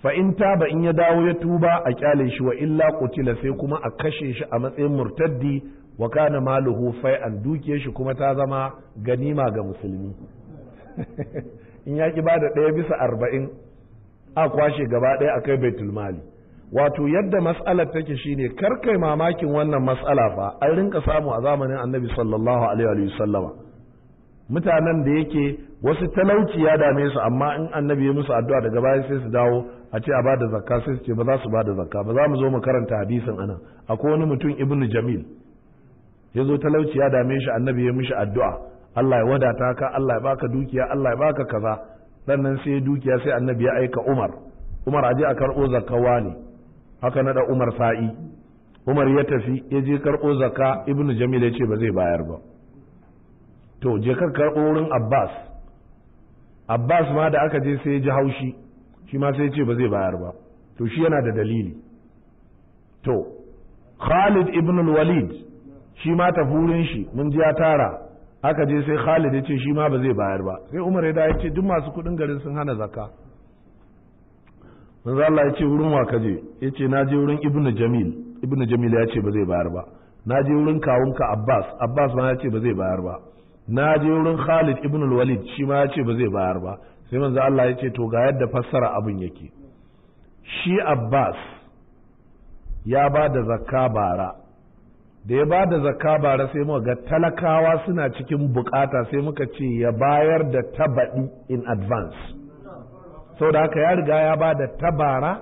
fa in taba in ya dawo ya tuba a kyale shi wa illa qutila sai kuma a kashe shi a matsayin murtaddi wa kana maluhu fai'an duke shi kuma ta zama ganima ga musulmi [LAUGHS] in ya ki bada ɗaya bisa arba'in a kwashe gaba ɗaya a kai baitul mali wato yadda mas'alar take shine kar kai mamakin wannan mas'ala fa an rinka samu a zamanin annabi sallallahu alaihi wa sallama mutanen da yake wasu talauci ya dame su amma in annabi ya musu addu'a daga baya sai su dawo a ce a bada zakka sai su ce ba za su bada zakka ba za mu zo mu karanta hadisin anan akwai wani mutum ibnu jamil ya zo talauci ya dame shi annabi ya mishi addu'a Allah ya wadata ka Allah ya baka dukiya Allah ya baka kaza sannan sai dukiya sai annabi ya aika Umar Umar aje a karɓo zakka ne. haka na da umar sa'i umar ya tafi ya je karɓo zakka ibnu jamil ya ce ba zai bayar ba to je ka karɓo wurin abbas abbas ma da aka je sai ya ji haushi shi ma sai ya ce ba zai bayar ba to shi yana da dalili to khalid ibn walid shi ma tafi wurin shi mun ji ya tara aka je sai khalid ya ce shi ma ba zai bayar ba sai umar ya da ya ce duk masu kuɗin garin sun hana zakka manzo Allah ya ce wurin wa kaje ya ce na je wurin ibnu jamil ibnu jamil ya ce ba zai bayar ba na je wurin kawunka abbas abbas ma ya ce ba zai bayar ba na je wurin khalid ibn walid shi ma ya ce ba zai bayar ba sai manzo Allah ya ce to ga yadda fassara abin yake shi abbas ya ba da zakka bara da ya ba da zakka bara sai muka ga talakawa suna cikin bukata sai muka ce ya bayar da tabadi in advance saboda haka ya riga ya ba da tabara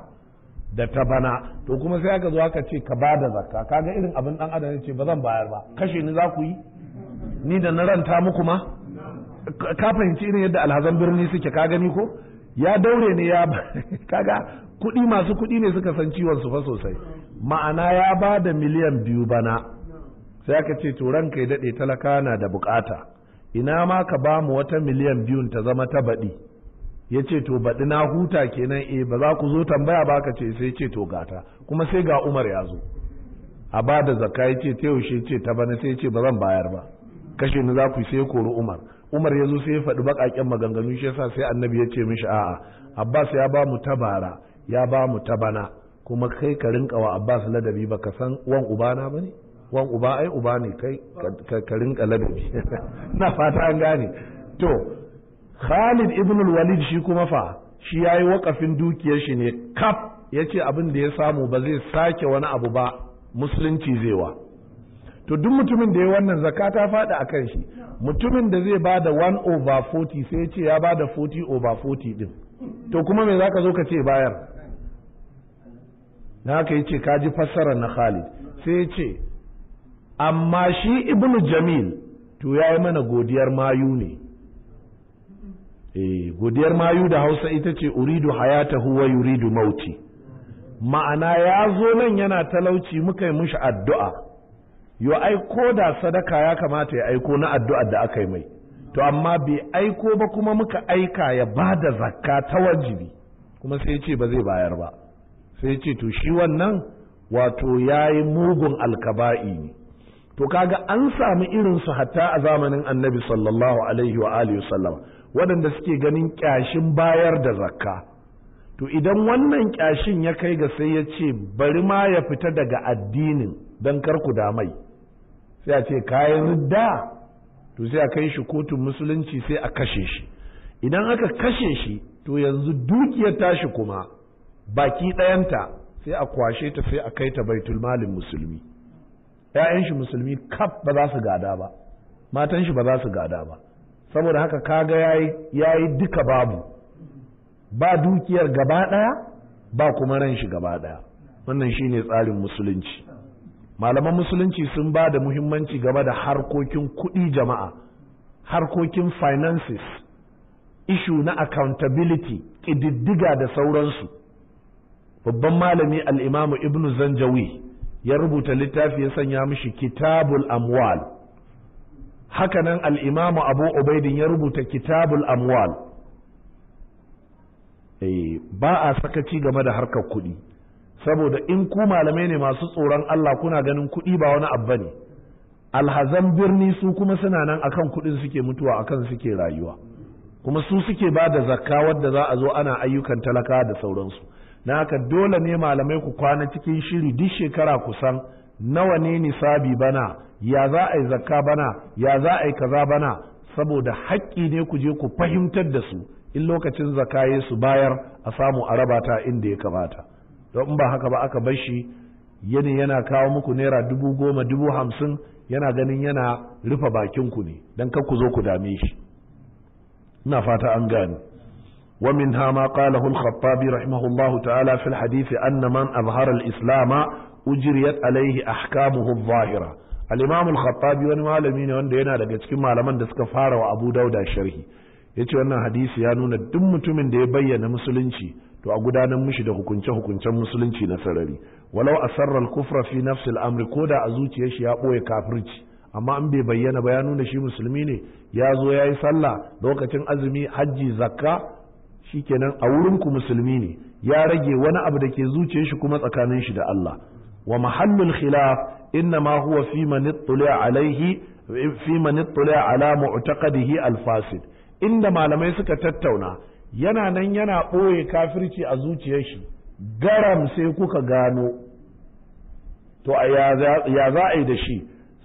da ta to kuma sai aka zo aka ce ka ba da zakka kaga irin abin dan adam ya ce ba zan bayar ba kashe ni za ku yi ni da na ranta muku ma ka fahimci irin yadda alhazan birni suke ka gani ko ya daure ne ya [LAUGHS] kaga kuɗi masu kuɗi ne suka san ciwon su fa sosai ma'ana ya ba da miliyan biyu bana sai aka ce to ranka ya daɗe talaka na da bukata ina ma ka ba mu wata miliyan biyun ta zama ta baɗi ya ce to baɗi na huta kenan eh ba za ku zo tambaya ba ka ce sai ce to gata kuma sai ga umar ya zo a ba da zakka ya ce ta yaushe ce ta bana sai ce ba zan bayar ba kashe ni za ku sai kori umar umar ya zo sai ya faɗi baƙaƙen maganganu shi yasa sai annabi ya ce mishi a'a abbas ya ba mu tabara ya ba mu tabana kuma kai ka rinka wa abbas ladabi ba ka san wan ubana ba ne wan uba ai uba ne kai ka rinka ladabi [LAUGHS] na fata an gane to Khalid ibn al-Walid shi kuma fa shi yayi wakafin dukiyar shi ne kaf yace abin da ya samu ba zai sake wani abu ba musulunci zai wa to duk mutumin da ya wannan zakata ta fada akan shi mutumin da zai bada 1 over 40 sai yace ce ya bada 40 over 40 din to kuma me zaka zo ka ce bayar na haka yace ka ji fassarar na Khalid sai yace amma shi ibnu Jamil to yayi mana godiyar mayu ne eh godiyar mayu da hausa ita ce uridu hayata huwa yuridu mauti ma'ana ya zo nan yana talauci muka yi mushi addu'a yo ai ko da sadaka ya kamata ya aiko na addu'a da aka yi mai to amma bai aiko ba kuma muka aika ya ba da zakka ta wajibi kuma sai ce ba zai bayar ba sai ce to shi wannan wato ya yi mugun alkaba'i ne to kaga an samu irinsu hatta a zamanin annabi sallallahu alaihi wa alihi waɗanda suke ganin ƙyashin bayar da zakka to idan wannan ƙyashin ya kai ga sai ya ce bari ma ya fita daga addinin don kar ku damai sai a ce kayan zidda, to sai a kai shi kotun musulunci sai a kashe shi idan aka kashe shi to yanzu dukiyar tashi kuma baki ɗayanta sai a kwashe ta sai a kai ta baitul malin musulmi ‘ya'yan shi musulmi kaf ba za su gada ba matan shi ba za su gada ba saboda haka kaga ya yi duka babu ba dukiyar gaba ɗaya ba kuma ran shi gaba ɗaya wannan shine tsarin musulunci malaman musulunci sun ba da muhimmanci game da harkokin kuɗi jama'a harkokin finances ishu na accountability ƙididdiga da sauransu babban malami al'imamu ibnu zanjawi ya rubuta littafi ya sanya mishi kitabul amwal hakanan al'imamu abu ubaidin ya rubuta kitabul amwal eh, ba a sakaci game da harkar kuɗi saboda in ku malamai ne masu tsoron Allah kuna ganin kuɗi ba wani abu ne alhazan birni su kuma suna nan akan kuɗin suke mutuwa akan suke rayuwa kuma su suke ba da zakka wadda za a zo ana ayyukan talaka da sauransu na haka dole ne malamai ku kwana cikin shiri duk shekara kusan nawa ne nisabi bana ya za a yi zakka bana ya za a yi kaza bana saboda haƙƙi ne ku je ku fahimtar da su in lokacin ya su bayar a samu a raba ta inda ya kamata don ba haka ba aka bar shi yani yana kawo muku naira dubu goma dubu hamsin yana ganin yana rufe bakin ku ne don kar ku zo ku dame shi ina fata an gane ومنها ما قاله الخطابي رحمه الله تعالى في الحديث أن من أظهر الإسلام أجريت عليه أحكامه الظاهرة al-imam khattabi wani malami ne wanda yana daga cikin malaman da suka fara wa abu dauda sharhi yace wannan hadisi ya nuna duk mutumin da ya bayyana musulunci to a gudanar mishi da hukunce hukuncen musulunci na sarari walau asarra al-kufra fi nafsi al-amri koda a zuciyar shi ya boye kafirci amma an bai bayyana ba ya nuna shi musulmi ne ya zo ya yi sallah lokacin azumi hajji zakka shikenan a wurinku musulmi ne ya rage wani abu da ke zuciyar shi kuma tsakanin shi da Allah wa mahallul khilaf Inna huwa fi man ittala alaihi fi man ittala ala mu'taqadihi alfasid inda malamai suka tattauna yana nan yana boye kafirci a zuciyar shi garam sai kuka gano to ya za a yi da shi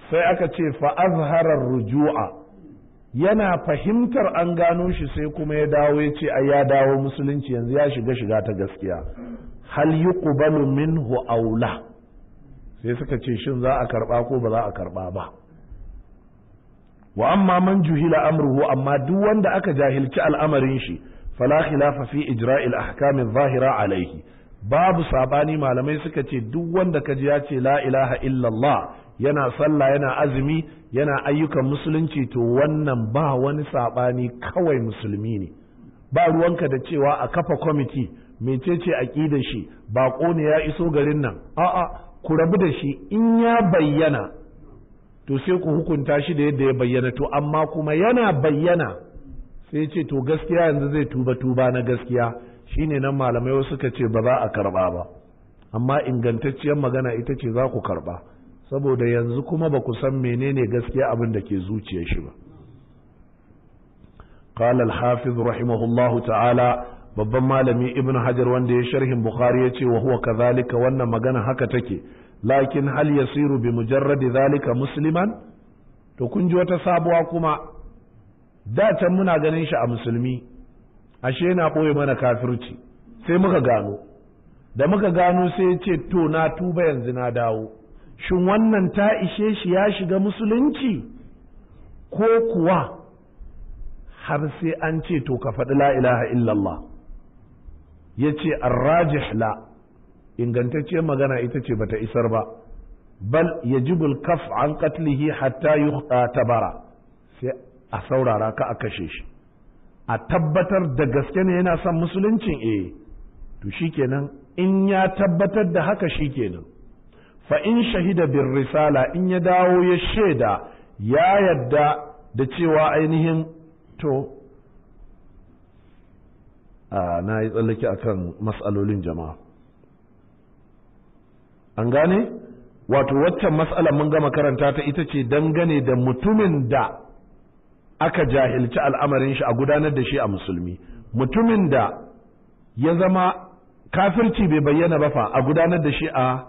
sai aka ce fa azharar rujua yana fahimtar an gano shi sai kuma ya dawo ya ce ai ya dawo musulunci yanzu ya shiga shiga ta gaskiya hal yuqbalu minhu aula sai suka ce shin za a karba ko ba za a karba ba wa amma man juhila amruhu amma duk wanda aka jahilci al'amarin shi fala khilafa fi ijra'il ahkamin zahira alaihi babu sabani malamai suka ce duk wanda ka ji ya ce la ilaha illallah yana sallah yana azumi yana ayyukan musulunci to wannan ba wani sabani kawai musulmi ne ba ruwanka da cewa a kafa kwamiti mecece aqidar shi baƙo ne ya iso garin nan a'a ku rabu da shi in ya bayyana to sai ku hukunta shi da yadda ya bayyana to amma kuma yana bayyana sai ce to gaskiya yanzu zai tuba tuba na gaskiya shine nan malamai wasu suka ce ba za a karba ba amma ingantacciyar magana ita ce za ku karba saboda yanzu kuma ba ku san menene gaskiya abin da ke zuciyar shi ba قال الحافظ رحمه الله تعالى babban malami ibn hajar wanda ya sharhin bukhari ya ce wa huwa kazalika wannan magana haka take lakin hal yasiru bi mujarradi zalika musliman to kun ji wata sabuwa kuma da can muna ganin shi a musulmi ashe yana ɓoye mana kafirci sai muka gano da muka gano sai ya ce to na tuba yanzu na dawo shin wannan ta ishe shi ya shiga musulunci ko kuwa har sai an ce to ka faɗi la ilaha illallah ya ce la ingantacciyar magana ita ce bata isar ba bal ya jibul kaf an katlihi hatta yi tabara sai a saurara ka a kashe shi a tabbatar da gaske ne yana son musuluncin eh to shikenan in ya tabbatar da haka shikenan fa in shahida bin risala in ya dawo ya shaida ya yadda da cewa ainihin to na yi tsallake a kan matsalolin jama'a an gane wato waccan matsalar mun gama karanta ta ita ce dangane da mutumin da aka jahilci al'amarin shi a gudanar da shi a musulmi mutumin da ya zama kafirci bai bayyana ba fa a gudanar da shi a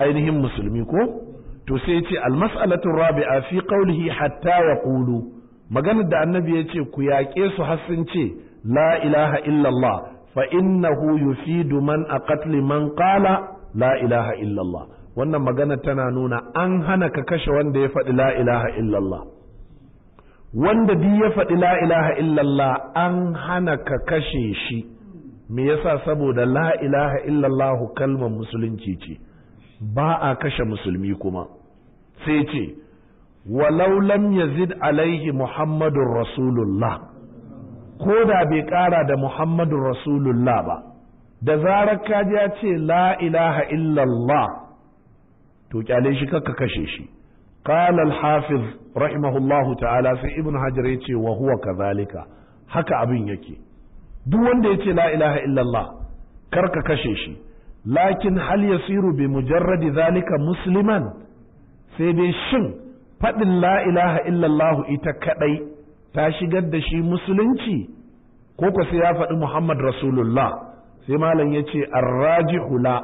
ainihin musulmi ko to sai ya ce almas'alatu rabi'a fi qawlihi hatta yaqulu maganar da annabi ya ce ku yaƙe su har sun ce la ilaha illallah fa innahu yufidu man a katli man kala la ilaha illallah wannan magana tana nuna an hana ka kashe wanda ya faɗi la ilaha illallah wanda duk ya faɗi la ilaha illallah an hana ka kashe shi me yasa saboda la ilaha illallah kalmar musulunci ce ba a kashe musulmi kuma sai ce walau lam yazid alaihi muhammadun rasulullah ko da bai ƙara da muhammadun rasulullah ba da zarar ka ya ce la ilaha illallah to kyale shi kakka kashe shi qala al-hafiz rahimahullahu ta'ala sai ibn hajar ya ce wa huwa kazalika haka abin yake duk wanda ya ce la ilaha illallah kar ka kashe shi lakin hal yasiru bi mujarradi zalika musliman sai dai shin faɗin la ilaha illallah ita kaɗai ta shigar da shi musulunci ko ko sai ya faɗi Muhammad Rasulullah sai malam ya ce la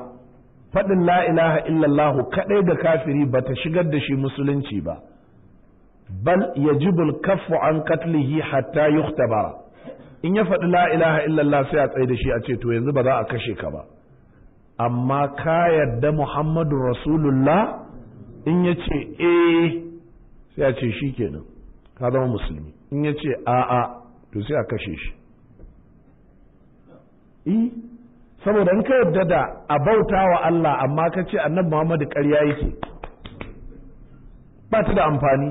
faɗin la ilaha illallahu kaɗai ga kafiri ba ta shigar da shi musulunci ba bal ya kaffu an katlihi hatta yuhtaba in ya faɗi la ilaha illallah sai a tsaye da shi a ce to yanzu ba za a kashe ka ba amma ka yarda Muhammadu Rasulullah in ya ce eh sai a ce shi kenan ka zama musulmi in ya ce a'a to sai a kashe shi i eh, saboda in ka yadda da a bauta wa Allah amma ka ce annabi Muhammadu ƙarya yake ba ta da amfani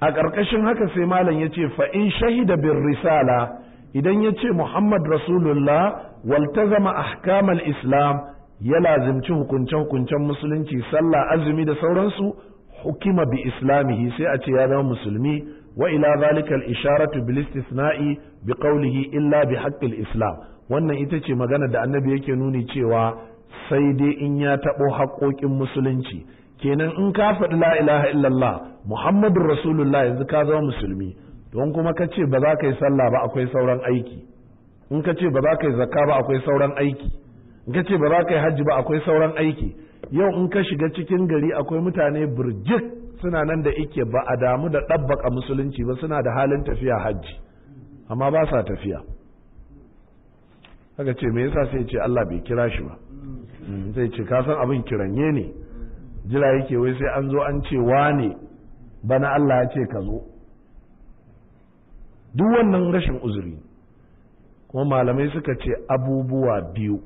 a ƙarƙashin haka sai malam ya ce fa in shahida bin risala idan ya ce Muhammad Rasulullah waltazama ahkamal islam ya lazimci hukunce-hukuncen musulunci sallah azumi da sauransu hukima bi islamihi sai a ce ya zama musulmi wa ila zalika isharatu bil istisna'i bi qawlihi illa bi haqqil islam wannan ita ce magana da annabi yake nuni cewa sai dai in ya tabo haƙoƙin musulunci kenan in ka faɗi la ilaha illallah muhammadur rasulullah yanzu ka zama musulmi don kuma ka ce ba za ka yi sallah ba akwai sauran aiki in ka ce ba za ka yi zakka ba akwai sauran aiki in ka ce ba za ka yi hajji ba akwai sauran aiki yau in ka shiga cikin gari akwai mutane burjik suna nan da ike ba a damu da ɗabbaka musulunci ba suna da halin tafiya hajji amma ba sa tafiya haka ce me yasa sai ce Allah bai kira shi ba hmm, Zai ce ka san abin kiranye ne jira yake wai sai an zo an ce wane bana Allah ya ce ka zo duk wannan rashin uzuri kuma malamai suka ce abubuwa biyu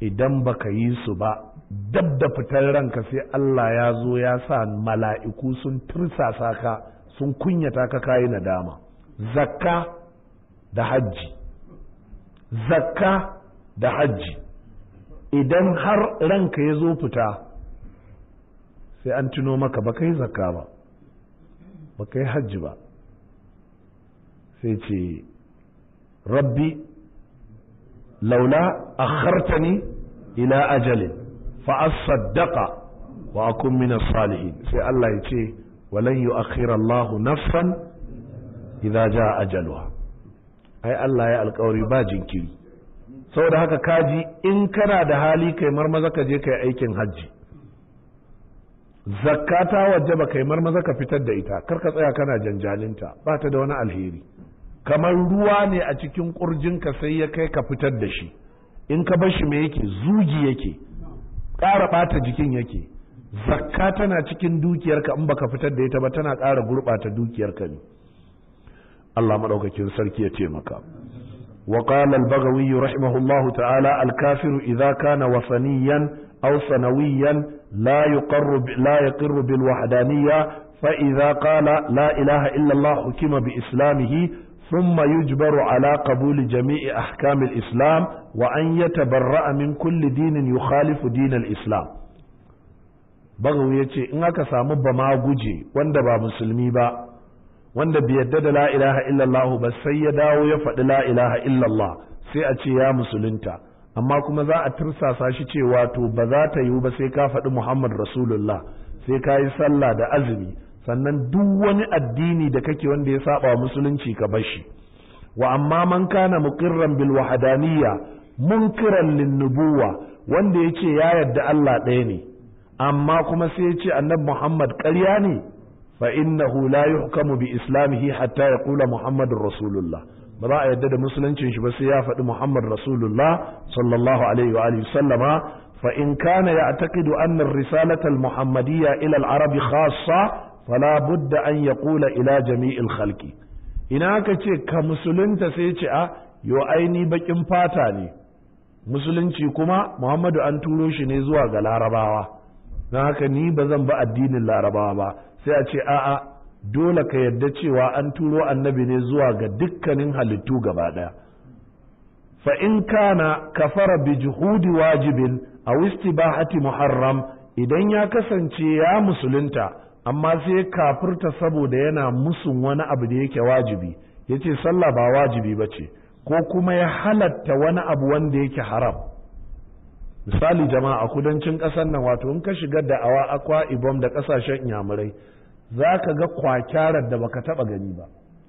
idan baka yi su ba dab da fitar ranka sai Allah ya zo ya sa mala'iku sun tursasa ka sun kunyata ka kayi nadama zakka da hajji zakka da hajji idan har ranka ya zo fita sai an tuno maka ba ka yi zakka ba ba ka yi hajji ba sai ce rabbi laula ni ila ajalin fa asaddaqa wa akun min salihin sai Allah ya ce walan yu'akhkhira Allahu nafsan idza jaa ajaluha ai Allah ya alƙawari ba jinkiri saboda haka kaji in kana da hali kai marmaza ka je kai aikin hajji zakka ta wajaba kai marmaza ka fitar da ita kar ka tsaya kana janjalinta ba ta da wani alheri kamar ruwa ne a cikin kurjinka sai ya kai ka fitar da shi in ka bar shi me yake zugi yake ƙara ɓata jikin yake zakka tana cikin dukiyarka in baka fitar da ita ba tana ƙara gurɓata dukiyarka ne Allah maɗaukakin sarki ya ce maka وقال البغوي رحمه الله تعالى الكافر إذا كان وثنيا أو سنويا لا يقر لا يقر بالوحدانية فإذا قال لا إله إلا الله حكم بإسلامه ثم يجبر على قبول جميع أحكام الإسلام وأن يتبرأ من كل دين يخالف دين الإسلام بغو يتي إنك سامو بما guje wanda ba musulmi ba wanda bai yadda da la ilaha illallah ba sai ya dawo ya faɗi la ilaha illallah sai a ce ya musulunta amma kuma za a tursasa shi cewa to ba za ta yiwu ba sai ka faɗi muhammad rasulullah sai ka yi sallah da azumi sannan duk wani addini da kake wanda ya saba wa musulunci ka bashi wa amma man kana muqirran bil wahdaniyya munkiran lin nubuwa wanda yace ya yarda Allah ɗaya ne amma kuma sai yace annabi Muhammad ƙarya ne fa innahu la yuhkamu bi islamihi hatta yaqula Muhammadur rasulullah ba za a yarda da musuluncin shi ba sai ya faɗi Muhammad rasulullah sallallahu alaihi wa sallama fa in kana ya'taqidu anna ar-risalata al-muhammadiyya ila al-arabi khassa fala budda an yaqula ila jami'il khalki. ina ka ce ka musulunta sai ce a yo aini bakin fata ne musulunci kuma muhammadu an turo shi ne zuwa ga larabawa Na haka ni ba zan ba addinin larabawa ba sai a ce a'a dole ka yadda cewa an turo annabi ne zuwa ga dukkanin halittu gaba ɗaya fa in kana kafara bi juhudi wajibin a istibahati muharram idan ya kasance ya musulunta amma sai kafirta saboda yana musun wani abu da yake wajibi yace sallah ba wajibi ba ce ko kuma ya halatta wani abu wanda yake haram misali jama'a a kudancin ƙasar nan wato in ka shiga da awa akwa ibom da ƙasashen inyamurai za ka ga kwakyarar da baka taɓa gani ba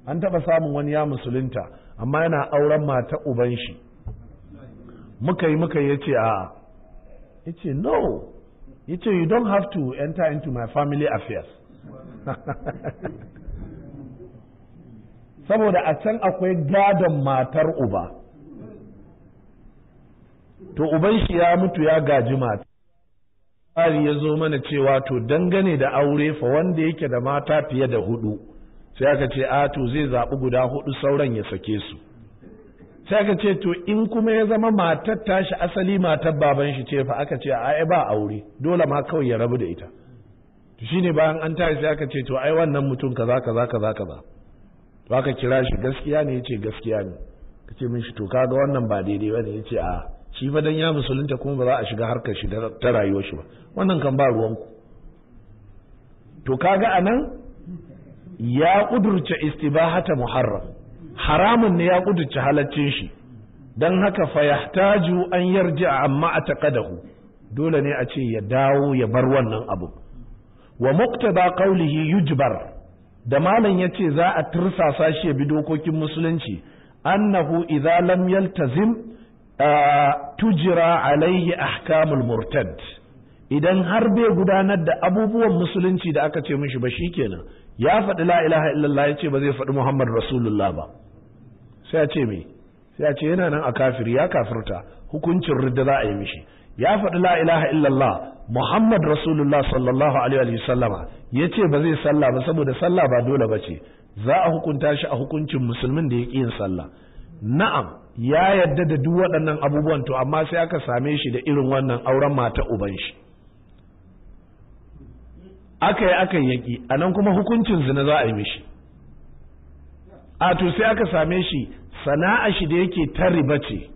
an taba samun wani ya musulunta amma yana auren mata uban shi muka yi muka yace a yace no ya ce you don't have to enter into my family affairs saboda a can akwai gadon matar uba to uban shi ya mutu ya gaji mata tsari ya zo mana cewa to dangane da aure fa wanda yake da mata fiye da hudu sai aka ce a to zai zaɓi guda hudu sauran ya sake su sai ka ce to in kuma ya zama matar tashi asali matar baban shi ce fa aka ce ai ba aure dole ma kawai ya rabu da ita To shine bayan an tashi sai aka ce to ai wannan mutum kaza kaza kaza kaza to aka kira shi gaskiya ne yace gaskiya ne ce min shi to kaga wannan ba daidai bane yace a shi fa dan ya musulunta kuma ba za a shiga harkar shi ta rayuwar shi ba wannan kan ba ruwan ku to kaga anan ya kudurce istibahata muharram haramun ne ya kudurci halaccin shi don haka fayahtaju an yarji amma a taƙadahu dole ne a ce ya dawo ya bar wannan abu wa muktaba qawlihi yujbar da malam ya ce za a tursasa shi ya bi dokokin musulunci annahu idza lam yaltazim tujra alaihi ahkamul murtad idan har bai gudanar da abubuwan musulunci da aka ce mishi ba shi kenan. ya faɗi la ilaha illallah ya ce ba zai faɗi muhammad rasulullah ba sai ya ce me sai ya ce yana nan a kafiri ya kafirta hukuncin ridda za a yi mishi ya faɗi la ilaha illallah muhammad rasulullah sallallahu alaihi wa sallama ya ce ba zai sallah ba saboda sallah ba dole ba ce za a hukunta shi a hukuncin musulmin da ya ƙi yin sallah na'am ya yarda da duk waɗannan abubuwan to amma sai aka same shi da irin wannan auren mata uban shi aka yi akan yaki a nan kuma hukuncin zina za a yi mishi a to sai aka same shi sana'a shi da yake ta riba ce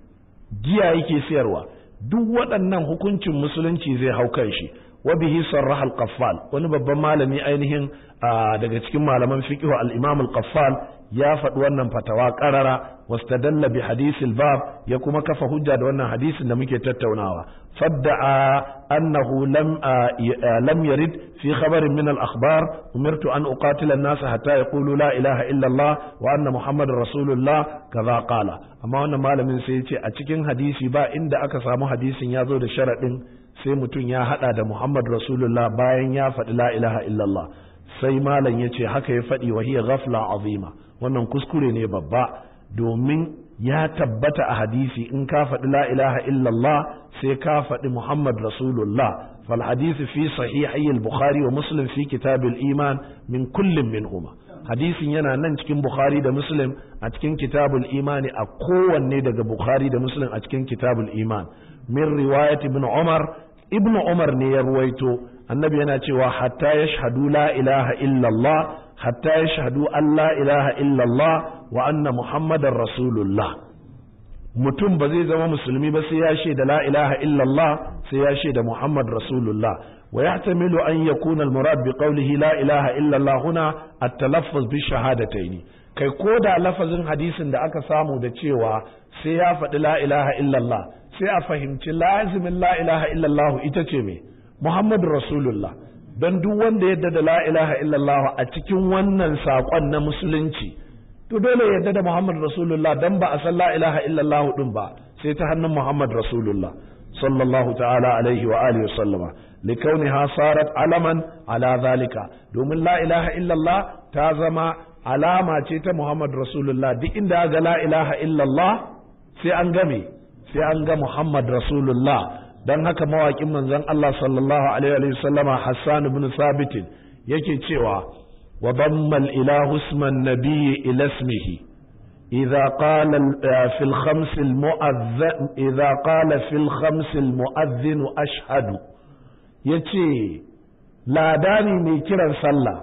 giya yake siyarwa duk waɗannan hukuncin musulunci zai hau kan shi wa bihi sarraha al-qaffal wani babban malami ainihin daga cikin malaman fiqh al-imam al-qaffal ya faɗi wannan fatawa ƙarara wastadalla bi hadisil bab ya kuma kafa hujja da wannan hadisin da muke tattaunawa fadda'a annahu lam lam yarid fi khabarin min al-akhbar umirtu an uqatila an hata hatta yaqulu la ilaha illa Allah wa anna muhammadar rasulullah kaza qala amma wannan malamin sai ya ce a cikin hadisi ba inda aka samu hadisin ya zo da sharaɗin, sai mutum ya haɗa da muhammad rasulullah bayan ya faɗi la ilaha illallah sai malam ya ce haka ya faɗi wa hiya ghafla azima wannan kuskure ne babba domin ya tabbata a hadisi in ka faɗi la ilaha illallah sai ka faɗi muhammad rasulullah fal hadisi fi sahihai bukhari wa muslim fi kitabil iman min kullum min huma hadisin yana nan cikin bukhari da muslim a cikin kitabul imani a kowanne daga bukhari da muslim a cikin kitabul iman min riwayat ibn umar ibn umar ne ya ruwaito annabi yana cewa hatta yashhadu la ilaha illallah hatta ya shahadu an la ilaha illallah wa anna muhammadar rasulullah mutum ba zai zama musulmi ba sai ya shaida la ilaha illallah sai ya da muhammad rasulullah wa yahtamilu an ya kuna murad bi qawlihi la ilaha illallah huna a talaffuz bi shahadatayn kai ko da lafazin hadisin da aka samu da cewa sai ya faɗi la ilaha illallah sai a fahimci lazimin la ilaha illallah ita ce me muhammad rasulullah don duk wanda yadda da la ilaha illallah a cikin wannan saƙon na musulunci to dole yadda da Muhammad Rasulullah don ba a san la ilaha illallah din ba sai ta hannun Muhammad Rasulullah sallallahu ta'ala alaihi wa alihi wa sallama ha sarat alaman ala zalika domin la ilaha illallah ta zama alama ce ta Muhammad Rasulullah duk inda ga la ilaha illallah sai an game sai an ga Muhammad Rasulullah don haka mawaƙin manzon Allah sallallahu alaihi wa sallama Hassan ibn Thabit yake cewa wa damma al-ilahu isman nabiyyi ila ismihi idza qala eh, fi al-khams al-mu'adhdhin idza qala fi al-khams al-mu'adhdhin ashhadu yace ladani mai kiran sallah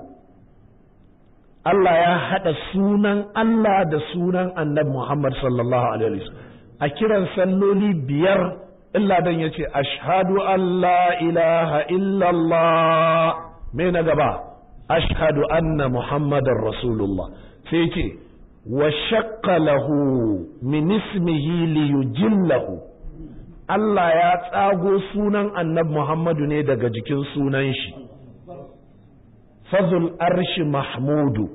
Allah ya haɗa sunan Allah da sunan annabi Muhammad sallallahu alaihi wasallam a kiran salloli biyar illa dan yace ashhadu an Allah ilaha illallah me na gaba ashhadu anna muhammadar rasulullah sai ce wa shaqqa lahu min ismihi li Allah ya tsago sunan annabi Muhammadu ne daga jikin sunan shi fazul arshi mahmudu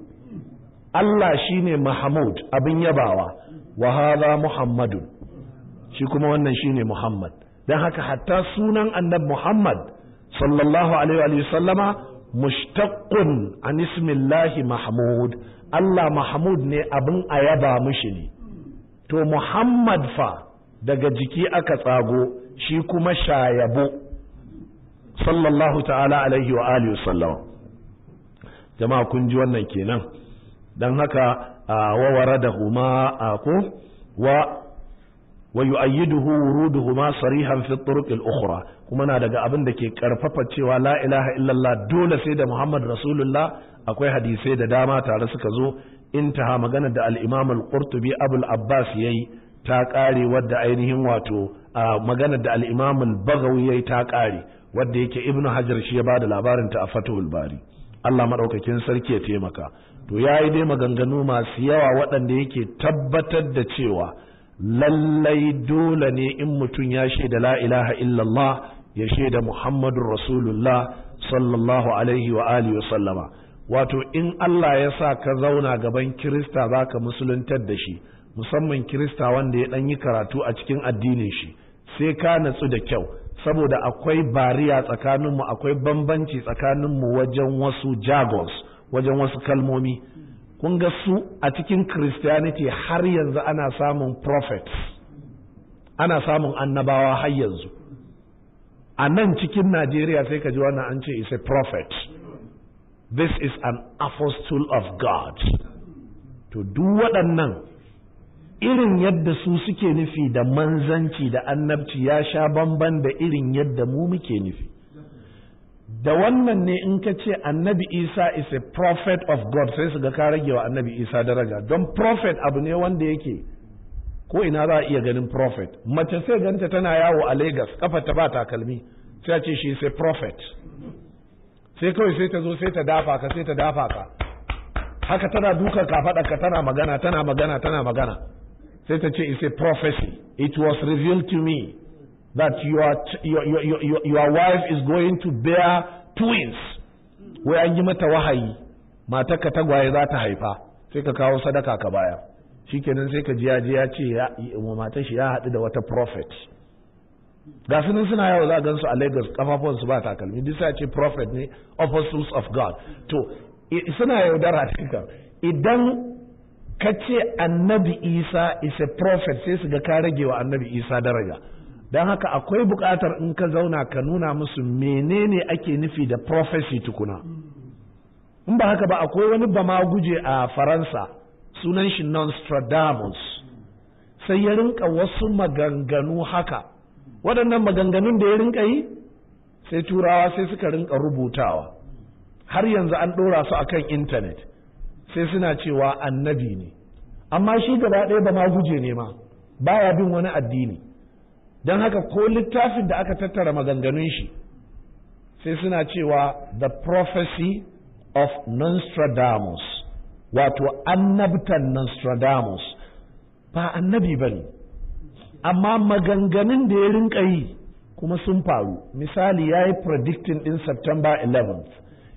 Allah shine mahmud abin yabawa wa hadha muhammadun shi kuma wannan shine Muhammad dan haka hatta sunan annab Muhammad sallallahu alaihi wa sallama mushtaqqun an ismillahi Mahmud Allah Mahmud ne abin ayaba mushi ne to Muhammad fa daga jiki aka tsago shi kuma shayabo sallallahu ta'ala alaihi wa alihi jama'a kun ji wannan kenan dan haka wa waradahu ma ko wa wa yu'ayyiduhu wuruduhuma sarihan fi turuq al kuma na daga abin da ke karfafa cewa la ilaha illallah dole sai da Muhammad Rasulullah akwai hadisai da dama tare suka zo intaha magana da al-Imam al-Qurtubi Abu abbas yayi ta kare wadda ainihin wato magana da al-Imam al-Baghawi yayi ta kare wadda yake Ibnu Hajar shi ya bada labarin ta a Fathul Bari Allah madaukakin sarki ya taimaka to yayi dai maganganu masu yawa waɗanda yake tabbatar da cewa lallai dole ne in mutum ya shaida la ilaha illallah ya shaida muhammadun rasulullah sallallahu alaihi wa alihi wa sallama wato in Allah ya sa ka zauna gaban kirista za ka musuluntar da shi musamman kirista wanda ya ɗan yi karatu a cikin addinin shi sai ka natsu da kyau saboda akwai bariya tsakaninmu akwai bambanci tsakaninmu wajen wasu jagos wajen wasu kalmomi kun ga su a cikin christianity har yanzu ana samun prophets ana samun annabawa har yanzu a nan cikin najeriya sai ka ji wannan an ce is a prophet this is an apostle of god to duk waɗannan irin yadda su suke nufi da manzanci da annabci ya sha bamban da irin yadda mu muke nufi da wannan ne in ka ce annabi isa is a prophet of god sai su ga ka rage wa annabi isa daraja don prophet abu ne wanda yake ko ina za a iya ganin prophet mace sai ganta tana yawo a lagos kafa ta ba takalmi sai ce shi sai prophet sai kawai sai ta zo sai ta dafa ka sai ta dafa ka haka tana duka kafaɗa ka tana magana tana magana tana magana sai ta ce is a prophecy it was revealed to me that your, your, your, your wife is going to bear twins wai an yi mata wahayi matarka tagwaye za ta haifa sai ka kawo sadaka ka baya shikenan sai ka jiya ya ce wa matar shi ya haɗu da wata prophet ga su nan suna yawo za a gansu a Lagos kafafon su ba takalmi duk sai ce prophet ne apostles of God to suna yaudara cikin [LAUGHS] idan ka ce annabi Isa is a prophet sai su ga ka rage wa annabi Isa daraja don haka akwai buƙatar in ka zauna ka nuna musu menene ake nufi da prophecy tukuna in ba haka ba akwai wani ba ma guje a faransa sunan shi nostradamus sai ya rinka wasu maganganu haka waɗannan maganganun da ya rinka yi sai turawa sai suka rinka rubutawa har yanzu an ɗora su a kan intanet sai suna cewa annabi ne amma shi gaba ɗaya ba ma guje ne ma baya bin wani addini don haka ko littafin da aka tattara maganganun shi sai suna cewa the prophecy of Nostradamus wato annabtan Nostradamus ba annabi ba ne amma maganganun da ya rinka yi kuma sun faru misali ya yi predicting din September 11th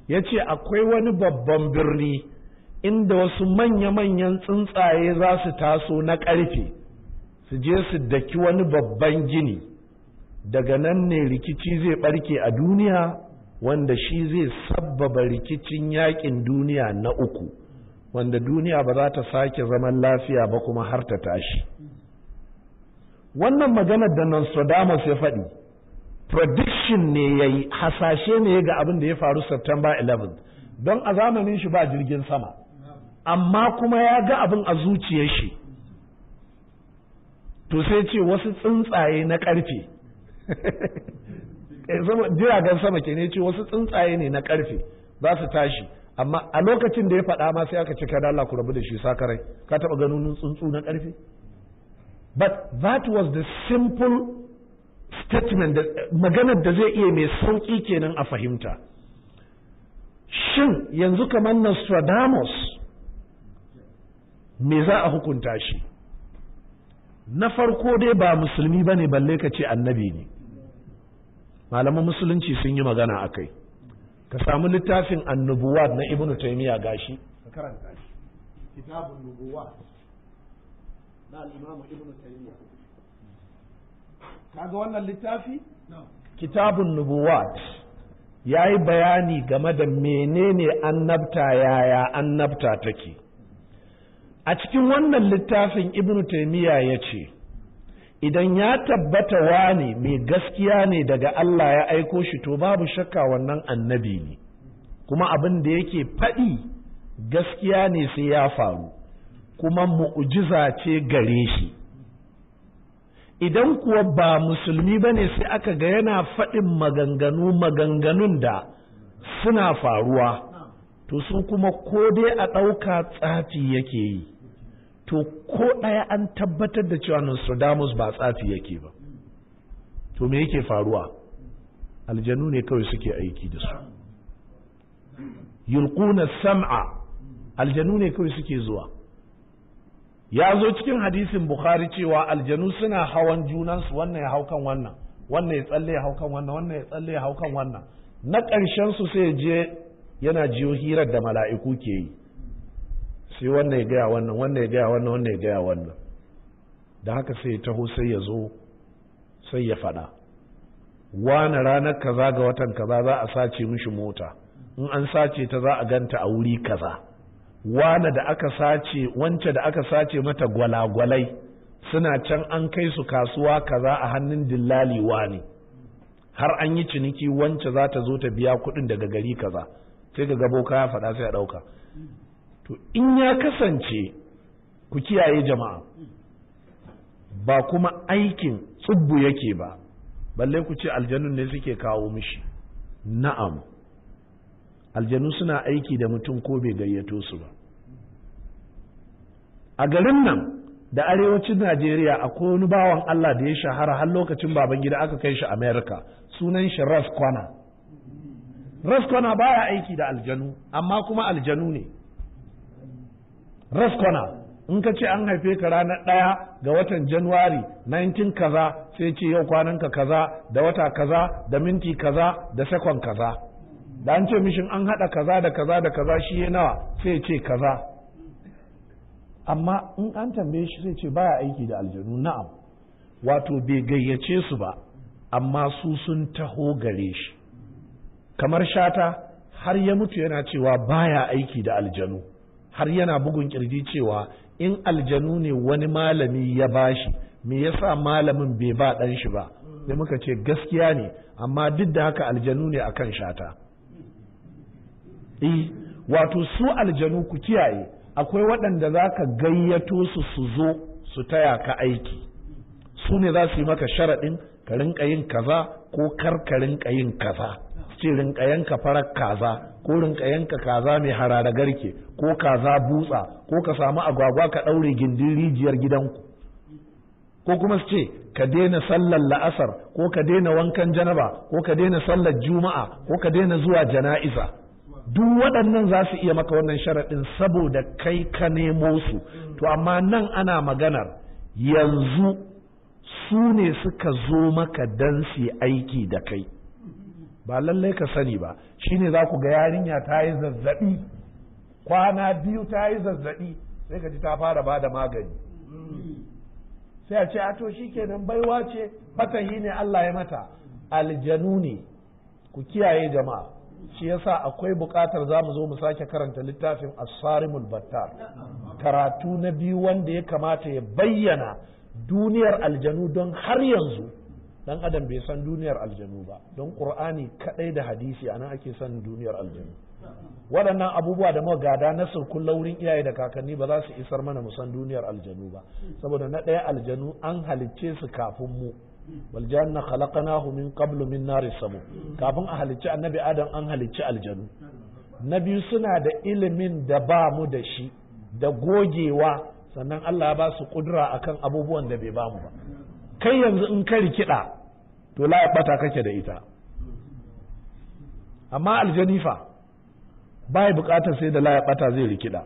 ya ce akwai wani babban birni inda wasu manya-manyan tsuntsaye za su taso na ƙarfe su je su daki wani babban gini daga nan ne rikici zai barke a duniya wanda shi zai sabbaba rikicin yakin duniya na uku wanda duniya ba za ta sake zaman lafiya ba kuma har ta tashi wannan maganar da Nostradamus ya faɗi prediction ne ya yi hasashe ne ga abin da ya faru September 11 don a zamanin shi ba jirgin sama amma kuma ya ga abin a zuciyar shi to sai ce wasu tsuntsaye na ƙarfe. Eh, jiragen sama ke ne ce wasu tsuntsaye ne na ƙarfe. za su tashi amma a lokacin da ya faɗa ma sai aka cika kada Allah ku rabu da shi sakarai ka taɓa ganin tsuntsu na ƙarfe? but that was the simple statement maganar da zai iya mai sauƙi kenan a fahimta shin yanzu kamar Nostradamus me za a hukunta shi na farko dai ba musulmi ba ne balle ka ce annabi ne malaman musulunci sun yi magana a kai ka samu littafin annubuwat na ibn taimiyya gashi kaga wannan littafi kitabun nubuwat ya yi bayani game da menene annabta yaya annabta take a cikin wannan littafin ibnu taimiyya ya ce idan ya tabbata wani mai gaskiya ne daga Allah ya aiko shi to babu shakka wannan annabi ne kuma abin da yake faɗi gaskiya ne sai ya faru kuma mu'ujiza ce gare shi idan kuwa ba musulmi ba ne sai aka ga yana faɗin maganganu maganganun da suna faruwa to su kuma ko dai a ɗauka tsafi yake yi to ko ɗaya an tabbatar da cewa Nostradamus ba tsafi yake ba to me yake faruwa aljanu ne kawai suke aiki da su yulquna sam'a aljanu ne kawai suke zuwa ya zo cikin hadisin bukhari cewa aljanu suna hawan junansu wannan ya hau kan wannan wannan ya tsalle ya hau kan wannan wannan ya tsalle ya hau kan wannan na ƙarshen su sai je yana jiyo hirar da mala'iku ke yi sai wannan ya gaya wannan wannan ya gaya wannan wannan ya gaya wannan da haka sai ya taho sai ya zo sai ya faɗa wani ranar kaza ga watan kaza za a sace mishi mota in an sace ta za a ganta a wuri kaza wani da aka sace wance da aka sace mata gwalagwalai suna can an kai su kasuwa kaza a hannun dillali wani har an yi ciniki wance za ta zo ta biya kuɗin daga gari kaza sai ga gabo kaya faɗa sai a ɗauka to in ya kasance ku kiyaye jama'a ba kuma aikin tsubbu yake ba balle ku ce aljanu ne suke kawo mishi na'am aljanu suna aiki da mutum ko bai gayyato su ba a garin nan da arewacin najeriya akwai wani bawan allah da ya shahara har lokacin baban gida aka kai shi america sunan shi ras kwana ras kwana baya aiki da aljanu amma kuma aljanu ne raskwana in ka ce an haife ka ranar ɗaya ga watan januwari 19 kaza sai ce yau kwananka kaza da wata kaza da minti kaza da sakon kaza da an ce mishin an haɗa kaza da kaza da kaza shi ya nawa sai ce kaza amma in an tambaye shi sai ce baya aiki da aljanu na'am wato bai gayyace su ba amma su sun taho gare shi kamar shata har ya mutu yana cewa baya aiki da aljanu har yana bugun kirji cewa in aljanu ne wani malami ya bashi me yasa malamin bai ba dan shi ba sai muka ce gaskiya ne amma duk da haka aljanu ne akan shata eh wato su aljanu ku kiyaye akwai waɗanda za ka gayyato su su zo su taya ka aiki su ne za su yi maka sharaɗin ka rinka yin kaza ko kar ka rinka yin kaza ce rinka yanka farar kaza korin ka yanka kaza mai harara garke ko kaza butsa ko ka samu agwagwa ka ɗaure gindin rijiyar gidanku ko kuma su ce ka daina sallar la'asar ko ka daina wankan janaba ko ka daina sallar juma'a ko ka daina zuwa jana'iza duk waɗannan za su iya maka wannan sharaɗin saboda kai ka nemo su to amma nan ana maganar yanzu su ne suka zo maka don su aiki da kai ba lallai ka sani ba shine za ku ga yarinya ta yi zazzabi kwana biyu ta yi zazzabi sai ka ji ta fara ba da magani sai a ce a to shi kenan baiwa ce fatahi ne Allah ya mata aljanu ne ku kiyaye jama'a shi yasa akwai buƙatar za mu zo mu sake karanta littafin asarimul battar karatu na biyu wanda ya kamata ya bayyana duniyar aljanu don har yanzu dan adam bai san duniyar aljanu ba don qur'ani kadai da hadisi anan ake san duniyar aljanu waɗannan abubuwa da muka gada na sirkun laurin iyaye da kakanni ba za su isar mana mu san duniyar aljanu ba saboda na ɗaya aljanu an halicce su kafin mu wal janna khalaqnahu min qablu min nari samu kafin a halicci annabi adam an halicci aljanu na biyu suna da ilimin da ba mu da shi da gogewa sannan Allah ya ba su kudura akan abubuwan da bai ba mu ba kai yanzu in ka rikida to la bata kake da ita amma aljanifa baya bukatar sai da la bata zai rikida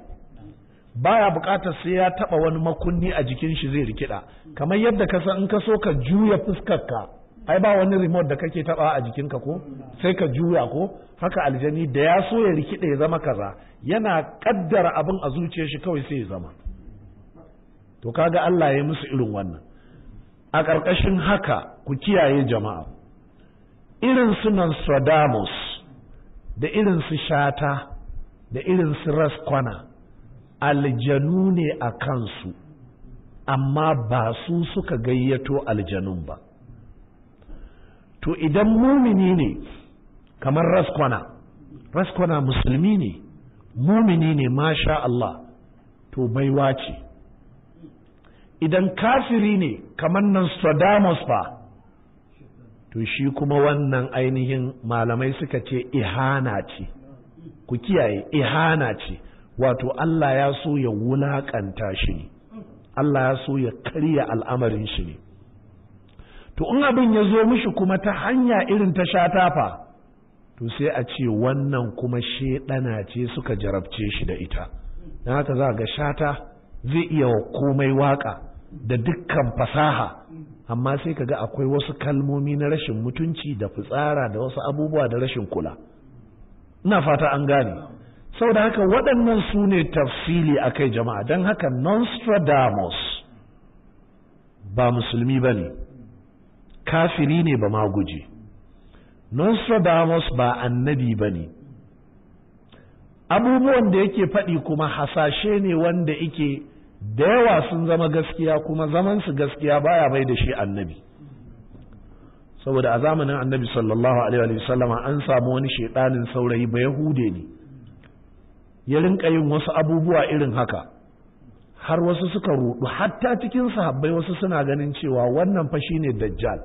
baya bukatar sai ya taba wani makunni a jikin shi zai rikida kamar yadda ka san in ka so ka juya fuskar ka ai ba wani remote da kake taba a jikin ka ko sai ka juya ko haka aljani da ya so ya rikiɗa ya zama kaza yana kaddara abin a zuciyar shi kawai sai ya zama to kaga Allah ya musu irin wannan a ƙarƙashin haka ku kiyaye jama'a irin su Nostradamus da irin su Shata da irin su Raskwana aljanu ne a kansu amma ba su suka gayyato aljanun ba to idan mumini ne kamar Raskwana Raskwana musulmi ne mumini ne masha Allah to baiwa ce idan kafiri ne kamar nan Sodamus ba to shi kuma wannan ainihin malamai suka ce ihana ce ku kiyaye ihana ce wato Allah ya so ya wulakanta shi ne Allah ya so ya karya al'amarin shi ne to in abin ya zo mishi kuma ta hanya irin ta shatafa to sai a ce wannan kuma shedana ce suka jarabce shi da ita don haka za ga shata zai iya wa komai waka da dukkan fasaha amma sai kaga akwai wasu kalmomi na rashin mutunci da fitsara da wasu abubuwa da rashin kula ina fata an gane saboda haka waɗannan su ne tafsili a kai jama'a don haka nostradamus ba musulmi ba ne kafiri ne ba ma guje nostradamus ba annabi ba ne abubuwan da yake faɗi kuma hasashe ne wanda yake da yawa sun zama gaskiya kuma zaman su gaskiya baya bai da shi annabi saboda a zamanin annabi sallallahu alaihi wa sallama an samu wani shedanin saurayi ba yahude ne ya rinka yin wasu abubuwa irin haka har wasu suka rudu hatta cikin sahabbai wasu suna ganin cewa wannan fa shine dajjal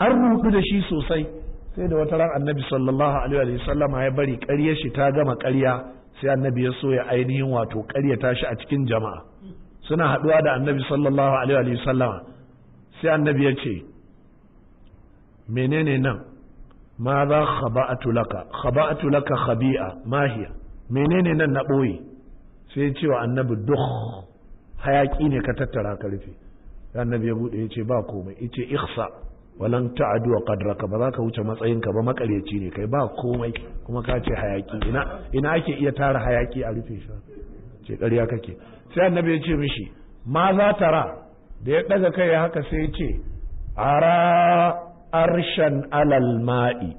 an rudu da shi sosai sai da wata ran annabi sallallahu alaihi wa sallama ya bari ƙarya shi ta gama ƙarya sai annabi ya so ya ainihin wato karya tashi a cikin jama'a suna haɗuwa da annabi sallallahu alaihi wa sallama sai annabi ya ce menene nan ma za khaba'atu laka khaba'atu laka khabi'a mahiya menene nan na ɓoye sai wa annabi duk hayaƙi ne ka tattara ka rufe annabi ya buɗe ya ce ba komai ya ce walan ta'adu wa qadraka ba za ka wuce matsayinka ba makareci ne kai ba komai kuma ka ce hayaki ina ina ake iya tara hayaki a rufe shi ce ƙarya kake sai annabi ya ce mishi ma za tara da ya daga kai haka sai ce ara arshan alal ma'i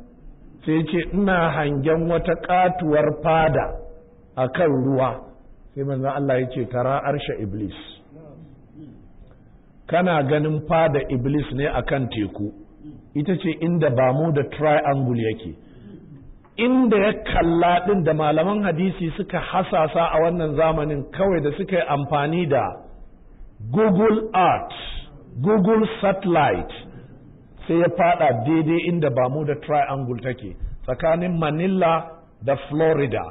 sai ce ina hangen wata katuwar fada akan ruwa sai manzo Allah ya ce tara arsha iblis kana ganin fada iblis ne a kan teku ita ce inda ba mu da triangle yake inda ya kalla ɗin da malaman hadisi suka hasasa a wannan zamanin kawai da suka yi amfani da google art google satellite sai ya fada daidai inda ba mu da triangle take tsakanin manila da florida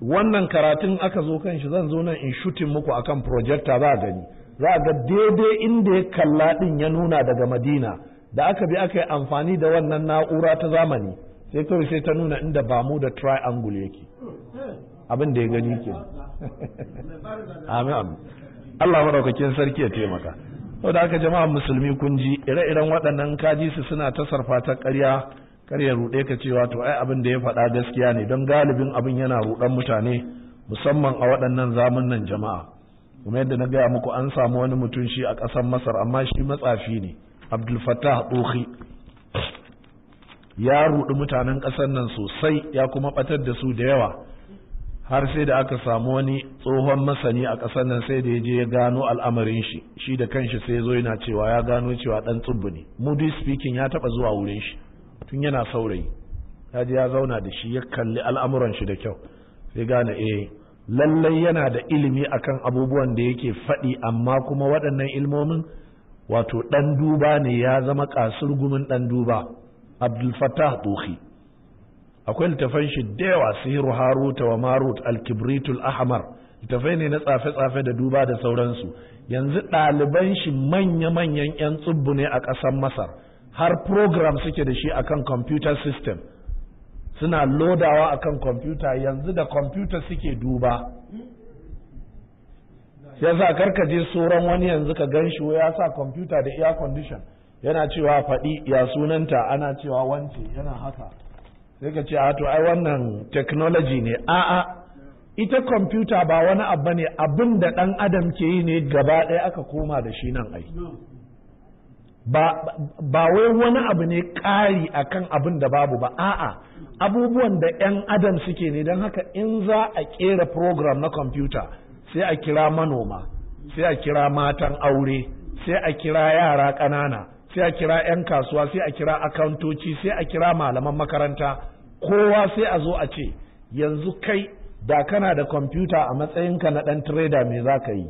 wannan karatun aka zo kan shi zan zo nan in shutin muku akan projector za gani za a ga daidai inda ya kalla ɗin ya nuna daga madina da aka bi aka yi amfani da wannan na'ura ta zamani sai kawai sai ta nuna inda ba mu da triangle yake abin da ya gani ke [LAUGHS] amin Allah maraukakin sarki ya taimaka da aka jama'a musulmi kun ji ire-iren waɗannan kaji su suna ta sarfa ta karya, ƙarya ruɗe ka cewa to ai abin da ya faɗa gaskiya ne don galibin abin yana ruɗan mutane musamman a waɗannan zamun jama'a kuma yadda na gaya muku an samu wani mutum shi a ƙasar masar amma shi matsafi ne abdul fatah ɗoki ya ruɗi mutanen ƙasar nan sosai ya kuma ɓatar da su da yawa har sai da aka samu wani tsohon masani a ƙasar nan sai da ya je ya gano al'amarin shi shi da kanshi sai zo yana cewa ya gano cewa ɗan tsubbu ne moody speaking ya taɓa zuwa wurin shi tun yana saurayi ya je ya zauna da shi ya kalli al'amuran shi da kyau sai gane eh lallai yana da ilimi akan abubuwan da yake faɗi amma kuma waɗannan ilmomin wato ɗan duba ne ya zama kasurgumin ɗan duba abdul fattah akwai littafan shi da yawa sihiru haruta wa marut alkibritul ahmar littafai ne na tsafe-tsafe da duba da sauransu yanzu ɗaliban shi manya-manyan 'yan tsubbu ne a ƙasar masar har program suke da shi akan computer system suna lodawa a kan kwamfuta yanzu da kwamfuta suke duba ya sa karkaje tsoron wani yanzu ka gan shi ya sa kwamfuta da air condition yana cewa faɗi ya sunanta ana cewa wance yana haka sai ka ce to ai wannan technology ne a'a ita kwamfuta ba wani abu ne abin da ɗan adam ke yi ne gaba ɗaya aka koma da shi nan ai ba wai wani abu ne ƙari akan abin da babu ba a'a abubuwan da 'yan adam suke ne don haka in za a kera program na kwamfuta sai a kira manoma sai a kira matan aure sai a kira yara ƙanana sai a kira 'yan kasuwa sai a kira akantoci sai a kira malaman makaranta kowa sai a zo a ce yanzu kai da kana da kwamfuta a matsayinka na ɗan tireda mai za ka yi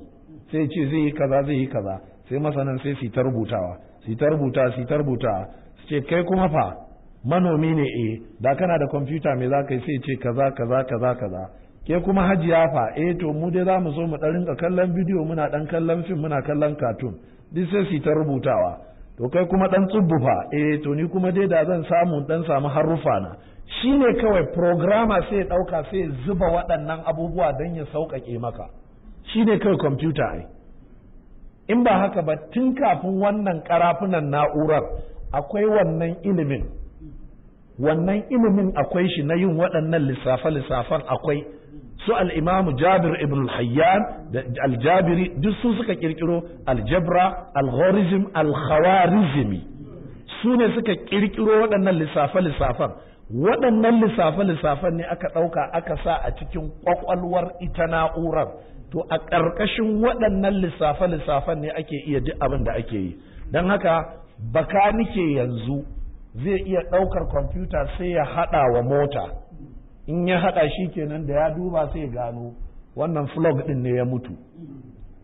sai ce zai yi kaza zai yi kaza sai masanan sai su ta rubutawa su ta rubuta su ta rubuta su ce kai kuma fa manomi ne eh da kana da kwamfuta mai za ka yi sai ce kaza kaza kaza kaza ke kuma hajiya fa eh to mu dai za mu zo mu ɗan rinka kallon bidiyo muna ɗan kallon fim muna kallon katun duk sai su ta rubutawa to kai kuma ɗan tsubbufa eh to ni kuma dai da zan samu ɗan samu haruffa na shi ne kawai programa sai ya ɗauka sai zuba waɗannan abubuwa don ya sauƙaƙe maka shi ne kawai kwamfuta ai in ba haka ba tun kafin wannan ƙarafunan na'urar akwai wannan ilimin wannan ilimin akwai shi na yin waɗannan lissafe-lissafen akwai su al'imamu jabir ibn hayyan da aljabiri duk su suka ƙirƙiro aljabra alghorism alkhawarizmi su ne suka ƙirƙiro waɗannan lissafe-lissafen waɗannan lissafe-lissafen ne aka ɗauka aka sa a cikin ƙwaƙwalwar ita na'urar to a ƙarƙashin waɗannan lissafe-lissafen ne ake iya duk abin da ake yi don haka bakanike yanzu zai iya ɗaukar kwamfuta sai ya haɗa wa mota in ya haɗa shi kenan da ya duba sai ya gano wannan flog ɗin ne ya mutu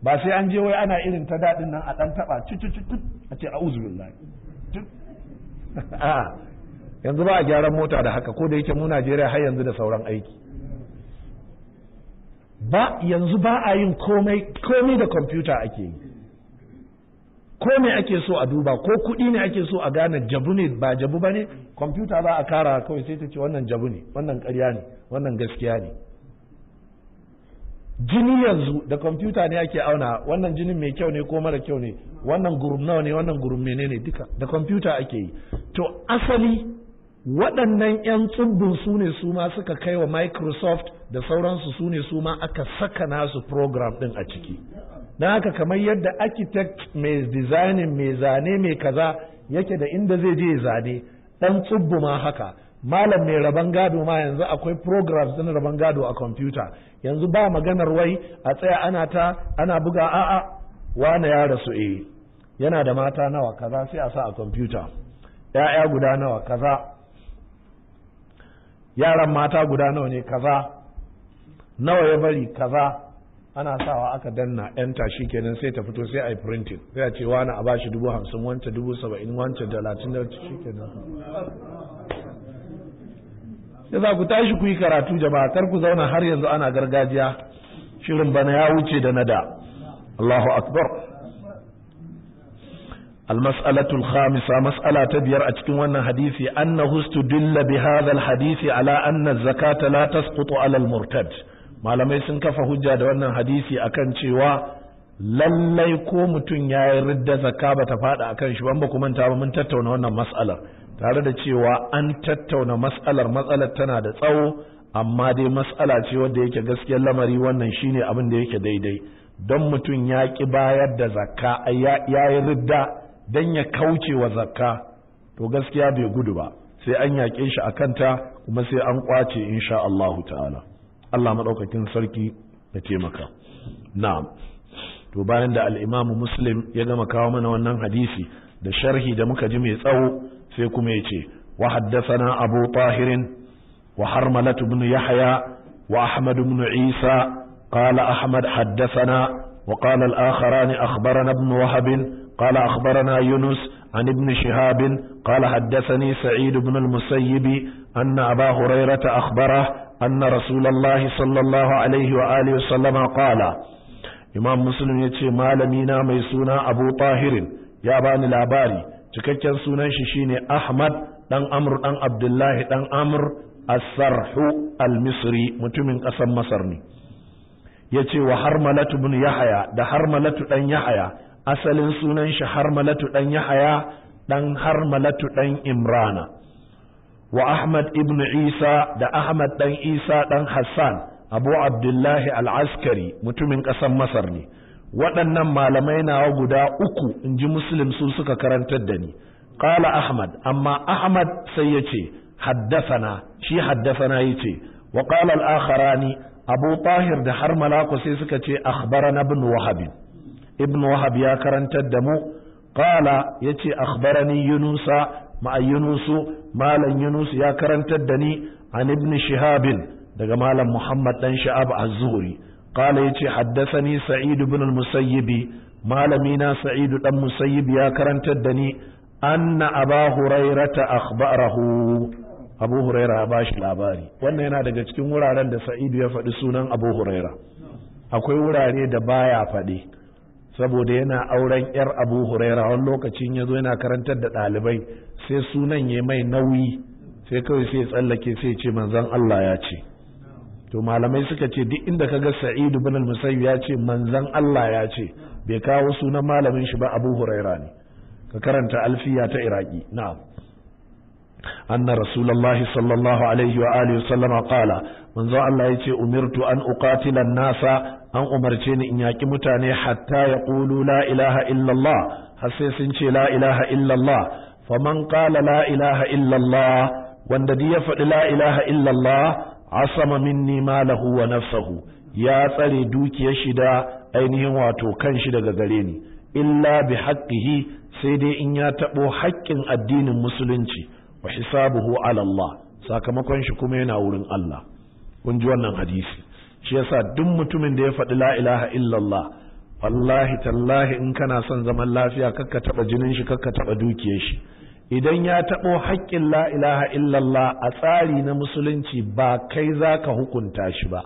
ba sai an je wai ana irin ta daɗin nan a ɗan taɓa a ce a'udhu [LAUGHS] yanzu ba a gyaran mota da haka ko da yake mu Najeriya har yanzu da sauran aiki ba yanzu ba a yin komai komai da kwamfuta ake yi ko me ake so a duba ko kuɗi ne ake so a gane jabu ne ba jabu ba ne kwamfuta za a kara kawai sai ta ce wannan jabu ne wannan ƙarya ne wannan gaskiya ne jini yanzu da kwamfuta ne ake auna wannan jinin mai kyau ne ko mara kyau ne wannan gurum nawa ne wannan gurum menene duka da kwamfuta ake yi to asali waɗannan 'yan tsubbin su ne su ma suka kai wa microsoft da sauransu su ne su ma aka saka nasu program ɗin a ciki na haka kamar yadda architect mai designing mai zane mai kaza yake da inda zai je zane dan tsubbu ma haka malam mai rabon gado ma yanzu akwai programs din rabon gado a kwamfuta yanzu ba maganar wai a tsaya ana ta ana buga a'a wane ya rasu eh yana da mata nawa kaza sai a sa a computer ya'ya guda nawa kaza yaran mata guda nawa ne kaza nawa ya bari kaza ana sawa aka danna enter kenan sai ta fito sai a yi printing sai a ce wani a bashi dubu hamsin wancan dubu saba'in wancan talatin da kenan. ya za ku tashi ku yi karatu jama'a kar ku zauna har yanzu ana gargajiya shirin bana ya wuce da nada Allahu akbar المسألة الخامسة مسألة تبير أتكون حديثي أنه استدل بهذا الحديث على أن الزكاة لا تسقط على المرتد malamai sun kafa hujja da wannan hadisi akan cewa lallai ko mutum ya yi ridda zakka ba ta faɗa a kan shi ban ba kuma ta mun tattauna wannan matsalar tare da cewa an tattauna matsalar matsalar tana da tsawo amma dai matsala ce wanda yake gaskiyar lamari wannan shine abin da yake daidai don mutum ya ƙi bayar da zakka ya yi ridda don ya kauce wa zakka to gaskiya bai gudu ba sai an yaƙe shi a kanta kuma sai an ƙwace insha Allahu ta'ala Allah maɗaukakin sarki ya taimaka na'am to bayan da al'imamu muslim ya gama kawo mana wannan hadisi da sharhi da muka ji mai tsawo sai kuma ya ce wa haddasana abu tahirin wa harmalatu bin yahya wa ahmad bin isa qala ahmad haddasana wa qala al-akharani akhbarana ibn wahab qala akhbarana yunus an shihabin kala qala haddathani sa'id ibn al-musayyib anna aba أن رسول الله صلى الله عليه وآله وسلم قال إمام مسلم يتي مالمينا ميسونا أبو طاهر يا باني لاباري cikakken sunan shi shine Ahmad ɗan Amr ɗan Abdullahi ɗan Amr As-Sarhu Al-Misri mutumin ƙasar Masar ne yace wa Harmalatu ibn Yahya da Harmalatu ɗan yahaya asalin sunan shi Harmalatu dan Yahya dan Harmalatu dan Imrana wa Ahmad ibn Isa da Ahmad ɗan Isa ɗan Hassan Abu Abdullahi al-Askari mutumin ƙasar Masar ne waɗannan malamai nawa guda uku in ji Muslim su suka karantar da ni qala Ahmad amma Ahmad sai ya ce haddathana shi ya yace wa qala al-akharani Abu Tahir da har malako sai suka ce akhbarana ibn Wahab ibn Wahab ya karantar da mu ya yace akhbarani Yunusa ma'a Yunusu malam yunus ya karantar da ni an ibn shihabin daga malam muhammad dan sha'ab az-zuhri qala yace haddathani sa'id ibn al-musayyibi malami na sa'id dan musayyib ya karantar da ni anna aba hurairata akhbarahu abu huraira ya bashi labari wannan yana daga cikin wuraren da sa'id ya faɗi sunan abu huraira akwai wurare da baya faɗi saboda yana auren yar abu huraira wani lokacin ya zo yana karantar da ɗalibai sai sunan ya mai nauyi sai kawai sai tsallake sai ce manzan Allah ya ce to malamai suka ce duk inda ka ga Sa'idu bin al-musayyib ya ce manzan Allah ya ce bai kawo sunan malamin shi ba abu huraira ne ka karanta alfiya ta iraki na'am anna rasulullahi sallallahu alaihi wa alihi wa sallama qala manzo Allah ya ce umirtu an uqatila nasa an umarce ni in yaki mutane hatta ya la ilaha illallah har sai sun ce la ilaha illallah faman qala la ilaha illallah wanda duk ya faɗi la ilaha illallah asama minni malahu wa nafsahu ya tsare dukiyar shi da ainihin wato kan shi daga gare ni illa bi haqqihi sai dai in ya tabo haƙƙin addinin musulunci wa hisabuhu ala Allah sakamakon shi kuma yana wurin Allah kun ji wannan hadisi shi yasa duk mutumin da ya faɗi la ilaha illallah wallahi tallahi in kana son zaman lafiya kakka taɓa jinin shi kakka taɓa dukiyar shi idan ya taɓo haƙƙin la ilaha illallah a tsari na musulunci ba kai za ka hukunta shi ba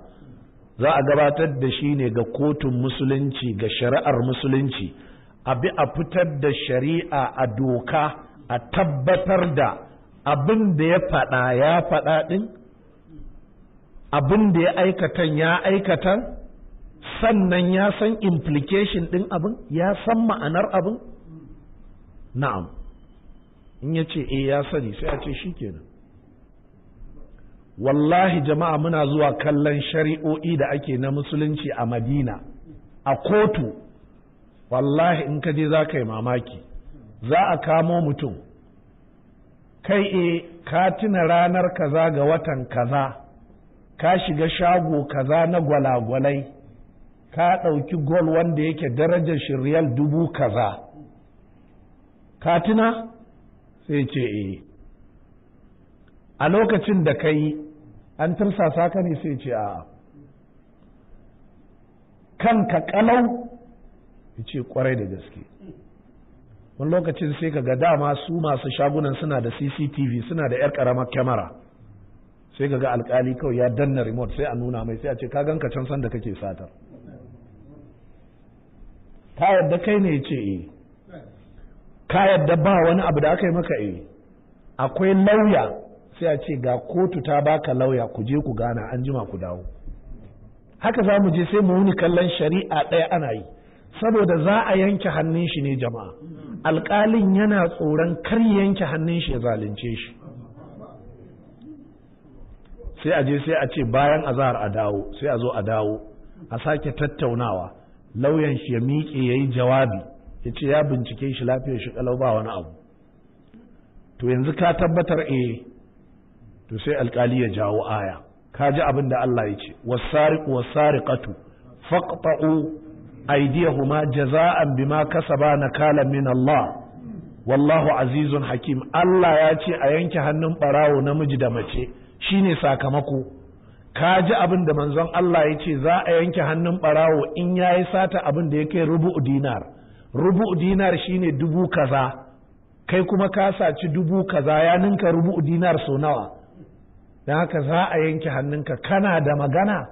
za a gabatar da shi ne ga kotun musulunci ga shari'ar musulunci a bi a fitar da shari'a a doka a tabbatar da abin da ya faɗa ya faɗa ɗin abin da ya aikatan ya aikatan sannan ya san implication ɗin abin ya san ma'anar abin na'am in ya ce eh ya sani sai a ce shi kenan wallahi jama'a muna zuwa kallon shari'o'i da ake na musulunci a madina a kotu wallahi in ka je za ka yi mamaki za a kamo mutum kai e ka tuna ranar kaza ga watan kaza ka shiga shago kaza na gwalagwalai ka ɗauki gol wanda yake darajar shiryal dubu kaza ka tuna sai ce eh a lokacin da ka yi an tursasa ka ne sai ce a kanka kalau ya ce kwarai da gaske wani lokacin sai ka ga dama su masu shagunan suna da cctv suna da 'yar karamar kyamara sai ga alkali kawai ya danna remote sai a nuna mai sai a ce ka ganka can sanda kake sata. ka yadda kai ne ce eh ka yadda ba wani abu da aka yi maka e? akwai lauya sai a ce ga kotu ta baka lauya ku je ku gana an jima ku dawo haka za mu je sai mu wuni kallon shari'a ɗaya ana yi saboda za a yanke hannun shi ne jama'a alƙalin yana tsoron kar yanke hannun shi ya zalunce shi sai a je sai a ce bayan azahar a dawo sai a zo a dawo a sake tattaunawa lauyan shi ya miƙe ya yi jawabi ya ce ya bincike shi lafiyar shi kalau ba wani abu to yanzu ka tabbatar A eh, to sai alkali ya jawo aya ka ji abin da Allah ya ce wasariqu wasariqatu faqta'u aydiyahuma jaza'an bima kasaba nakala min Allah wallahu azizun hakim Allah ya ce a yanke hannun barawo namiji da mace Shi ne sakamako ka ji abin da manzon Allah ya ce za a yanke hannun barawo in ya yi sata abin da ya kai rubu'u dinar rubu'u dinar shi ne dubu kaza kai kuma ka saci dubu kaza ya ninka rubu'u dinar sau nawa don haka za a yanke hannunka kana da magana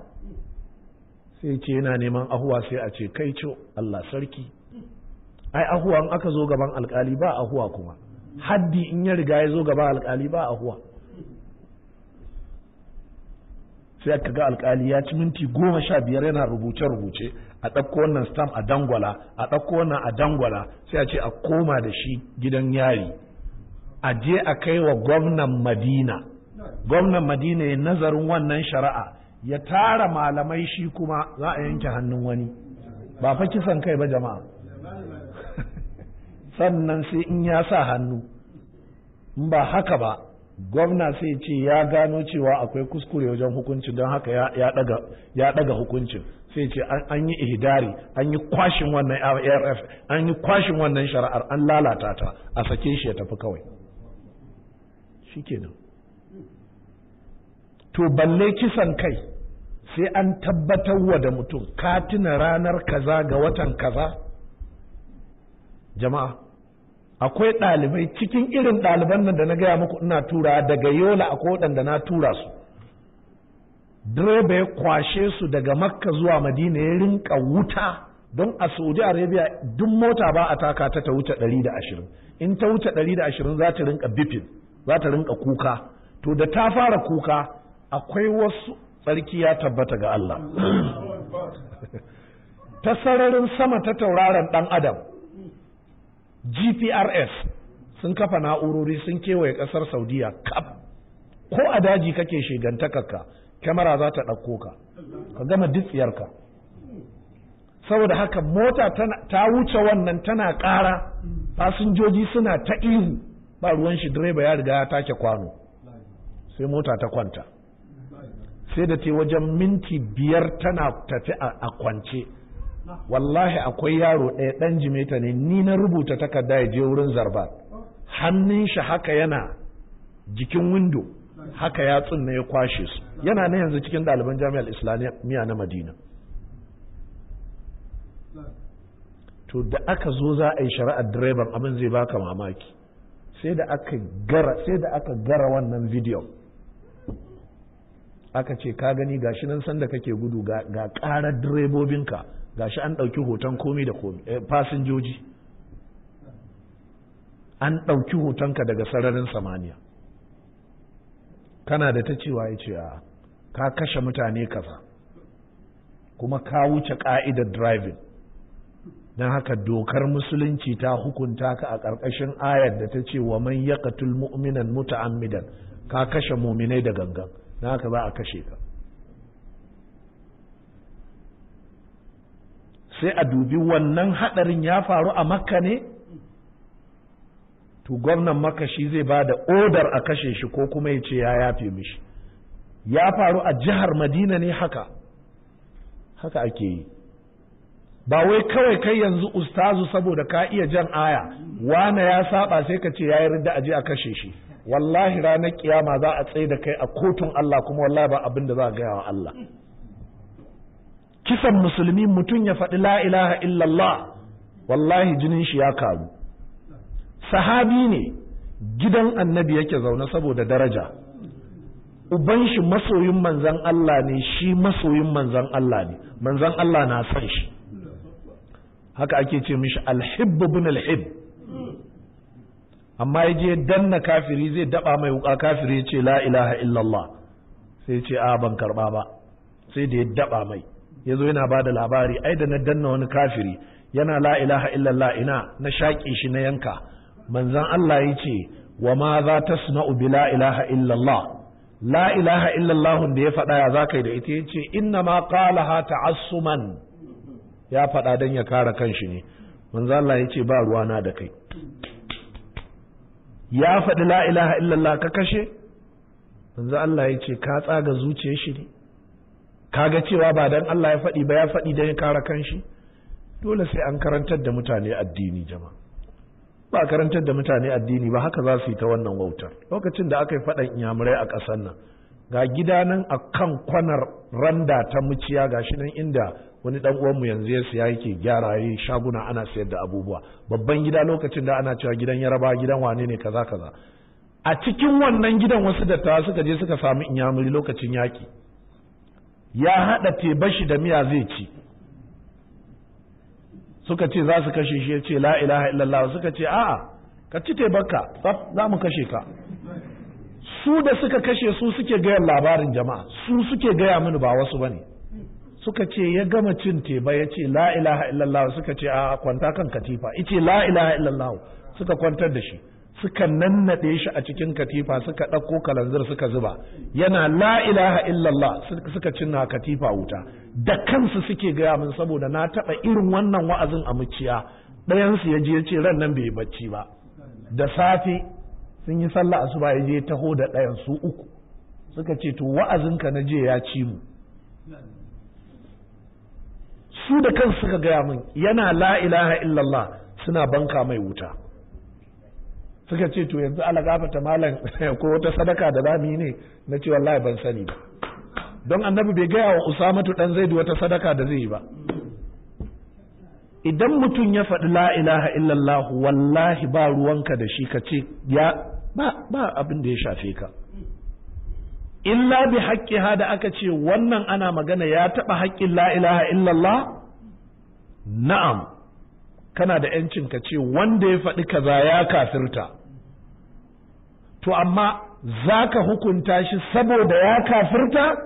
sai ce yana neman ahuwa sai a ce kai ce Allah sarki ai ahuwa aka zo gaban alkali ba ahuwa kuma haddi in ya riga ya zo gaban alkali ba ahuwa sai aka ga alkali ya ci minti goma sha biyar yana rubuce-rubuce a ɗauko wannan stam a dangwala a ɗauko wannan a dangwala sai a ce a koma da shi gidan yari a je a kai wa gwamnan madina gwamnan madina ya nazarin wannan shari'a ya tara malamai shi kuma za a yanke hannun wani ba fa kisan kai ba jama'a [LAUGHS] sannan sai in ya sa hannu ba haka ba gwamna sai ce ya gano cewa akwai kuskure wajen hukuncin don haka ya daga hukuncin sai ce an yi ihidari, an yi kwashin wannan rf an yi kwashin wannan shari'ar an lalata ta a sake shi ya tafi kawai shikenan to balle kisan kai sai an tabbatar wa da mutum katina ranar kaza ga watan kaza jama'a akwai ɗalibai cikin irin ɗaliban nan da na gaya muku ina tura daga yola a waɗanda na tura su direba ya kwashe su daga makka zuwa madina ya rinka wuta don a saudi arabia duk mota ba a taka ta ta wuce 120 in ta wuce 120 za ta rinka bifin za ta rinka kuka to da ta fara kuka akwai wasu tsarki ya tabbata ga Allah [LAUGHS] ta sararin sama ta tauraron dan adam gprs sun kafa na'urori sun kewaye kasar saudiya kap ko a daji kake shigantakarka kyamara za ta ɗauko ka ka gama ditsiyarka saboda haka mota ta wuce wannan tana ƙara fasinjoji suna ta ihu ba ruwan shi direba ya riga ya take kwano sai mota ta kwanta sai da ta wajen minti biyar tana tafi a kwance wallahi akwai yaro ɗaya ɗan jimeta ne ni na rubuta takarda ya je wurin zarba hannun shi haka yana jikin windo haka yatsun na ya kwashe su yana na yanzu cikin ɗaliban jami'ar islamiyya na madina to da aka zo za a yi shari'ar direban abin zai baka mamaki sai da aka gara sai da aka gara wannan bidiyon aka ce ka gani gashi nan sanda kake gudu ga ƙarar direbobinka gashi an ɗauki hoton komi da komi eh, fasinjoji an ɗauki hotonka daga sararin samaniya kana da ta cewa ya ce ka kashe mutane kaza kuma ka wuce ƙa'idar driving don haka dokar musulunci ta hukunta ka a ƙarƙashin ayar da ta ce wa man yaqtul mu'minan muta'ammidan ka kashe muminai da gangan don haka za a kashe ka sai a dubi wannan haɗarin ya faru a makka ne to gwamnan makka shi zai ba da odar a kashe shi ko kuma ya ce ya yafe mishi ya faru a jihar madina ne haka haka ake yi ba wai kawai kai yanzu ustazu saboda ka iya jan aya wane ya saba sai ka ce ya yarda je a kashe shi wallahi ranar kiyama za a tsaye da kai a kotun Allah kuma wallahi ba abin da za a gaya wa Allah kisan musulmi mutum ya faɗi la ilaha illallah wallahi jinin shi ya karu sahabi ne gidan annabi yake zaune saboda daraja uban shi masoyin manzan Allah ne shi masoyin manzan Allah ne manzan Allah na san shi haka ake ce mishi alhibbu bin alhib amma yaje danna kafiri zai daba mai wuka kafiri ya ce la ilaha illallah sai ce a ban karba ba sai da ya daba mai ya zo yana ba da labari ai da na danna wani kafiri yana la ilaha illallah ina na shaƙe shi na yanka manzan Allah ya ce wa ma za ta suna'u bi la ilaha illallah la ilaha illallah da ya faɗa ya za da ita ya ce inna ma ha ta'assuman ya faɗa don ya kare kanshi ne manzan Allah ya ce ba ruwana da kai ya faɗi la ilaha illallah ka kashe manzan Allah ya ce ka tsaga zuciyar shi ne Ka ga cewa ba dan Allah ya faɗi ba ya faɗi dan ya kare kanshi dole sai an karantar da mutane addini jama'a ba karantar da mutane addini ba haka za su yi ta wannan wautar lokacin da aka yi faɗan inyamurai a ƙasar nan ga gida nan a kan kwanar randa ta muciya ga shi nan inda wani ɗan uwanmu yanzu ya siya yake gyara yi shaguna ana sayar da abubuwa babban gida lokacin da ana cewa gidan yaraba gidan wane ne kaza kaza a cikin wannan gidan wasu dattawa suka je suka samu inyamuri lokacin yaki ya haɗa bashi da miya zai ci suka ce za su kashe shi ya ce la ilaha illallah suka ce a'a ka ci tebarka tsaf za mu kashe ka su da suka kashe su suke gaya labarin jama'a su suke gaya mini ba wasu bane suka ce ya gama cin teba ya ce la ilaha illallah suka ce a kwanta kan katifa ice la ilaha illallah suka kwantar da shi suka nannaɗe shi a cikin katifa suka ɗauko kalanzir suka zuba yana la ilaha illallah suka cinna katifa wuta da kansu suke gaya min saboda na taɓa irin wannan wa'azin a muciya ɗayansu ya je ce ran nan bai bacci ba da safe sun yi sallah asuba ya je taho da ɗayan su uku suka ce to wa'azinka na je ya ci mu su da kansu suka gaya min yana la ilaha illallah suna banka mai wuta suka ce to yanzu ala gafata malam [LAUGHS] ko wata sadaka da zamu yi ne na ce wallahi ban sani ba don annabi bai gaya wa usamatu dan zaidu wata sadaka da zai yi ba idan mutum ya faɗi la ilaha illallah wallahi ba ruwanka da shi ka ce ya ba ba abin da ya shafe ka illa bi haqqiha da aka ce wannan ana magana ya taɓa haƙƙin la ilaha illallah na'am kana da yancin ka ce wanda ya faɗi kaza ya kafirta to amma za ka hukunta shi saboda ya kafirta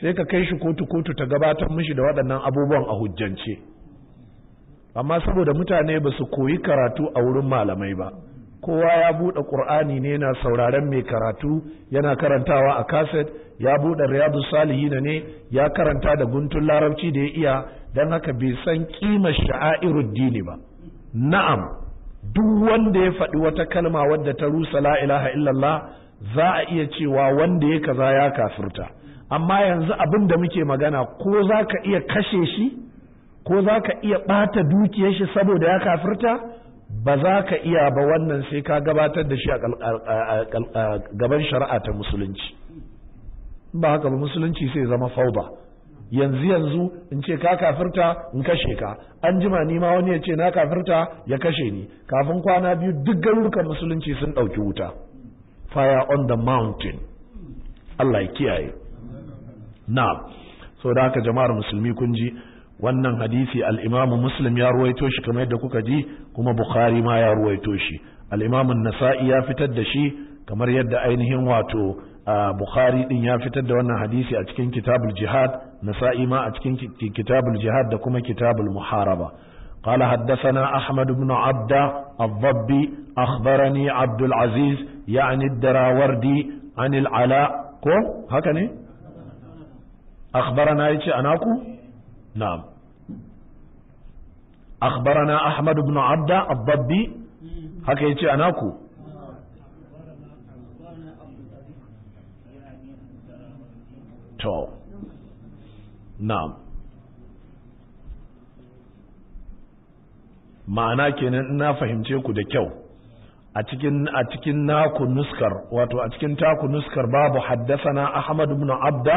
sai ka kai shi kotu kotu ta gabatar mishi da waɗannan abubuwan a hujjance amma saboda mutane ba su koyi karatu a wurin malamai ba kowa ya buɗe ƙur'ani ne na sauraren mai karatu yana karantawa a kaset ya buɗe riyadu na ne ya karanta da guntun larabci da ya iya don haka bai san ƙimar sha'airud dini ba na'am duk wanda ya faɗi wata kalma wadda ta rusa la ilaha illallah za a iya cewa wanda ya kaza ya kafirta amma yanzu abin da muke magana ko za ka iya kashe shi ko za ka iya ɓata dukiyar shi saboda ya kafirta ba za ka iya ba wannan sai ka gabatar da shi a gaban shari'a ta musulunci ba haka ba musulunci sai zama fauda yanzu yanzu in ce ka kafirta in kashe ka an jima ni ma wani ya ce na kafirta ya kashe ni kafin kwana biyu duk garurukan musulunci sun ɗauki wuta fire on the mountain Allah ya kiyaye na so da haka jama'ar musulmi kun ji wannan hadisi al'imamu muslim ya ruwaito shi kamar yadda kuka ji kuma bukhari ma ya ruwaito shi al'imamun nasa'i ya fitar da shi kamar yadda ainihin wato ah, bukhari din ya fitar da wannan hadisi a cikin kitabul jihad nasa'i ma a cikin kitabul jihad da kuma kitabul muharaba قال حدثنا أحمد بن عبد الضبي أخبرني عبد العزيز يعني الدراوردي عن العلاء كو هكذا أخبرنا يتي أناكو نعم أخبرنا أحمد بن عبد الضبي هكذا يتي أناكو تو na'am ma'ana kenan na fahimce ku da kyau a cikin a cikin naku nuskar wato a cikin taku nuskar babu haddasana ahmad ibn abda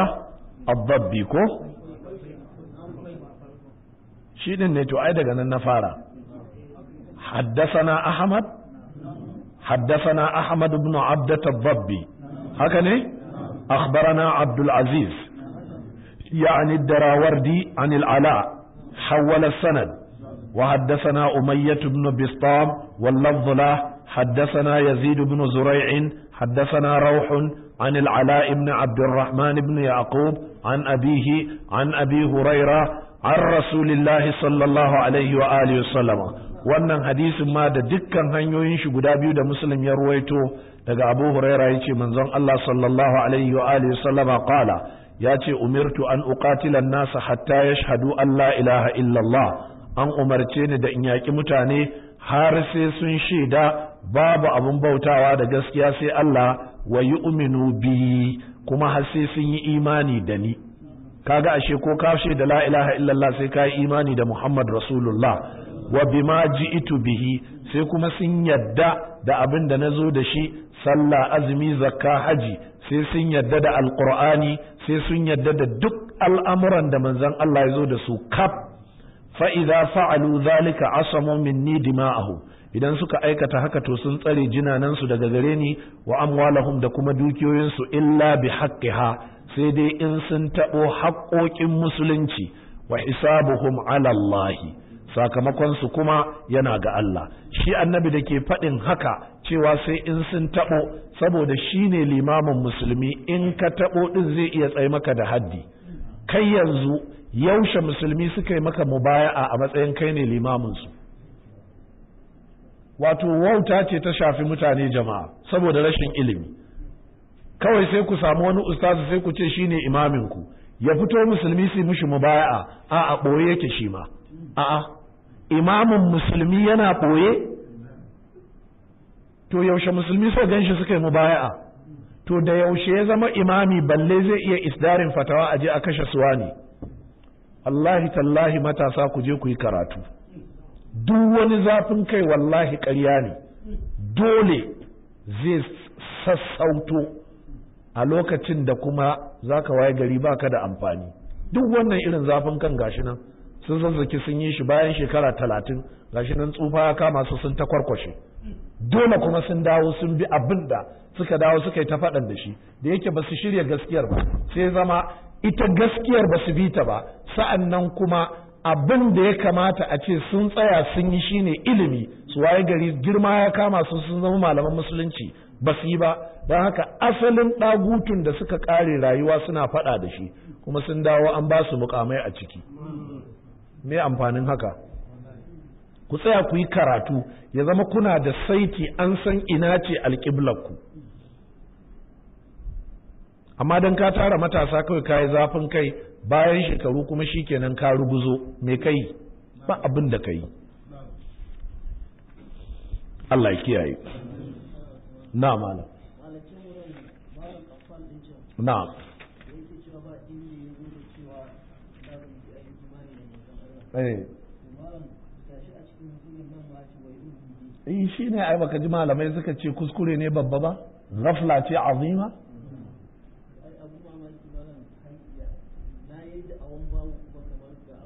abdabbi ko shi din ne to ai daga nan na fara haddasana ahmad haddasana ahmad ibn abda abdabbi haka ne akhbarana abdul aziz يعني الدراوردي عن العلاء حول السند وحدثنا أمية بن بسطام واللفظ له حدثنا يزيد بن زريع حدثنا روح عن العلاء بن عبد الرحمن بن يعقوب عن أبيه عن أبي هريرة عن رسول الله صلى الله عليه وآله وسلم wannan hadisin ma da dukkan hanyoyin shi guda biyu da muslim ya ruwaito daga abu huraira ya ce manzon Allah sallallahu alaihi wa alihi sallama qala ya ce umirtu an uqatilan nasa hatta yashhadu an la ilaha illallah an umarce ni da in yaƙi mutane har sai sun shaida babu abun bautawa da gaskiya sai Allah wa yu'minu bi kuma har sai sun yi imani da ni kaga ashe ko ka da La'ilaha illallah sai ka yi imani da Muhammad Rasulullah wa bima itu bihi sai kuma sun yadda da abin da na zo da shi sallah azumi zakka haji sai sun yadda da alqur'ani sai sun yadda da duk al'amuran da manzon Allah ya zo da su kaf fa idza fa'alu dhalika asamu minni dima'ahum idan suka aikata haka to sun tsare jinanansu daga gare ni wa amwalahum da kuma dukiyoyin su illa bi haqqiha sai dai in sun taɓo haƙoƙin musulunci wa hisabuhum ala Allah Sakamakonsu kuma yana ga Allah shi annabi da ke faɗin haka cewa sai in sun taɓo saboda shi ne limamin musulmi in ka taɓo ɗin zai iya tsaye maka da haddi kai yanzu yaushe musulmi suka yi maka mubaya'a a matsayin kai ne limaminsu wato wauta ce ta shafi mutane jama'a saboda rashin ilimi kawai sai ku samu wani ustazu sai ku ce shine ku, ya fito musulmi su mushi mubaya'a a a ɓoye yake shi ma a'a imamin musulmi yana ɓoye to yaushe musulmi so gan shi suka yi mubaya'a to da yaushe ya zama imami balle zai iya isdarin fatawa a je a kashe suwa ne. allahi tallahi matasa ku je ku yi karatu duk wani zafin kai wallahi ƙarya ne dole zai sassauto a lokacin da kuma za ka waye gari baka da amfani duk wannan irin zafin kan gashi nan sun zazzaki sun yi shi bayan shekara talatin ga shi nan tsufa ya kama su sun ta kwarkwashe dole kuma sun dawo sun bi abin da suka dawo suka yi ta faɗan da shi da yake ba su shirya gaskiyar ba sai zama ita gaskiyar ba su bi ta ba sa'an nan kuma abin da ya kamata a ce sun tsaya sun yi shine ilimi su waye gari girma ya kama su sun zama malaman musulunci ba su yi ba don haka asalin ɗagutun da suka ƙare rayuwa suna faɗa da shi kuma sun dawo an ba su mukamai a ciki me amfanin haka ku tsaya ku yi karatu ya zama kuna da saiti an san ina ce ku amma don ka tara matasa kawai kayi zafin kai bayan shekaru kuma shikenan ka ruguzo mai kai ba abin da yi. Allah ya kiyaye na malam na Eh. eh shi ne ai baka ji malamai suka ce kuskure ne babba ba ghafla ce azima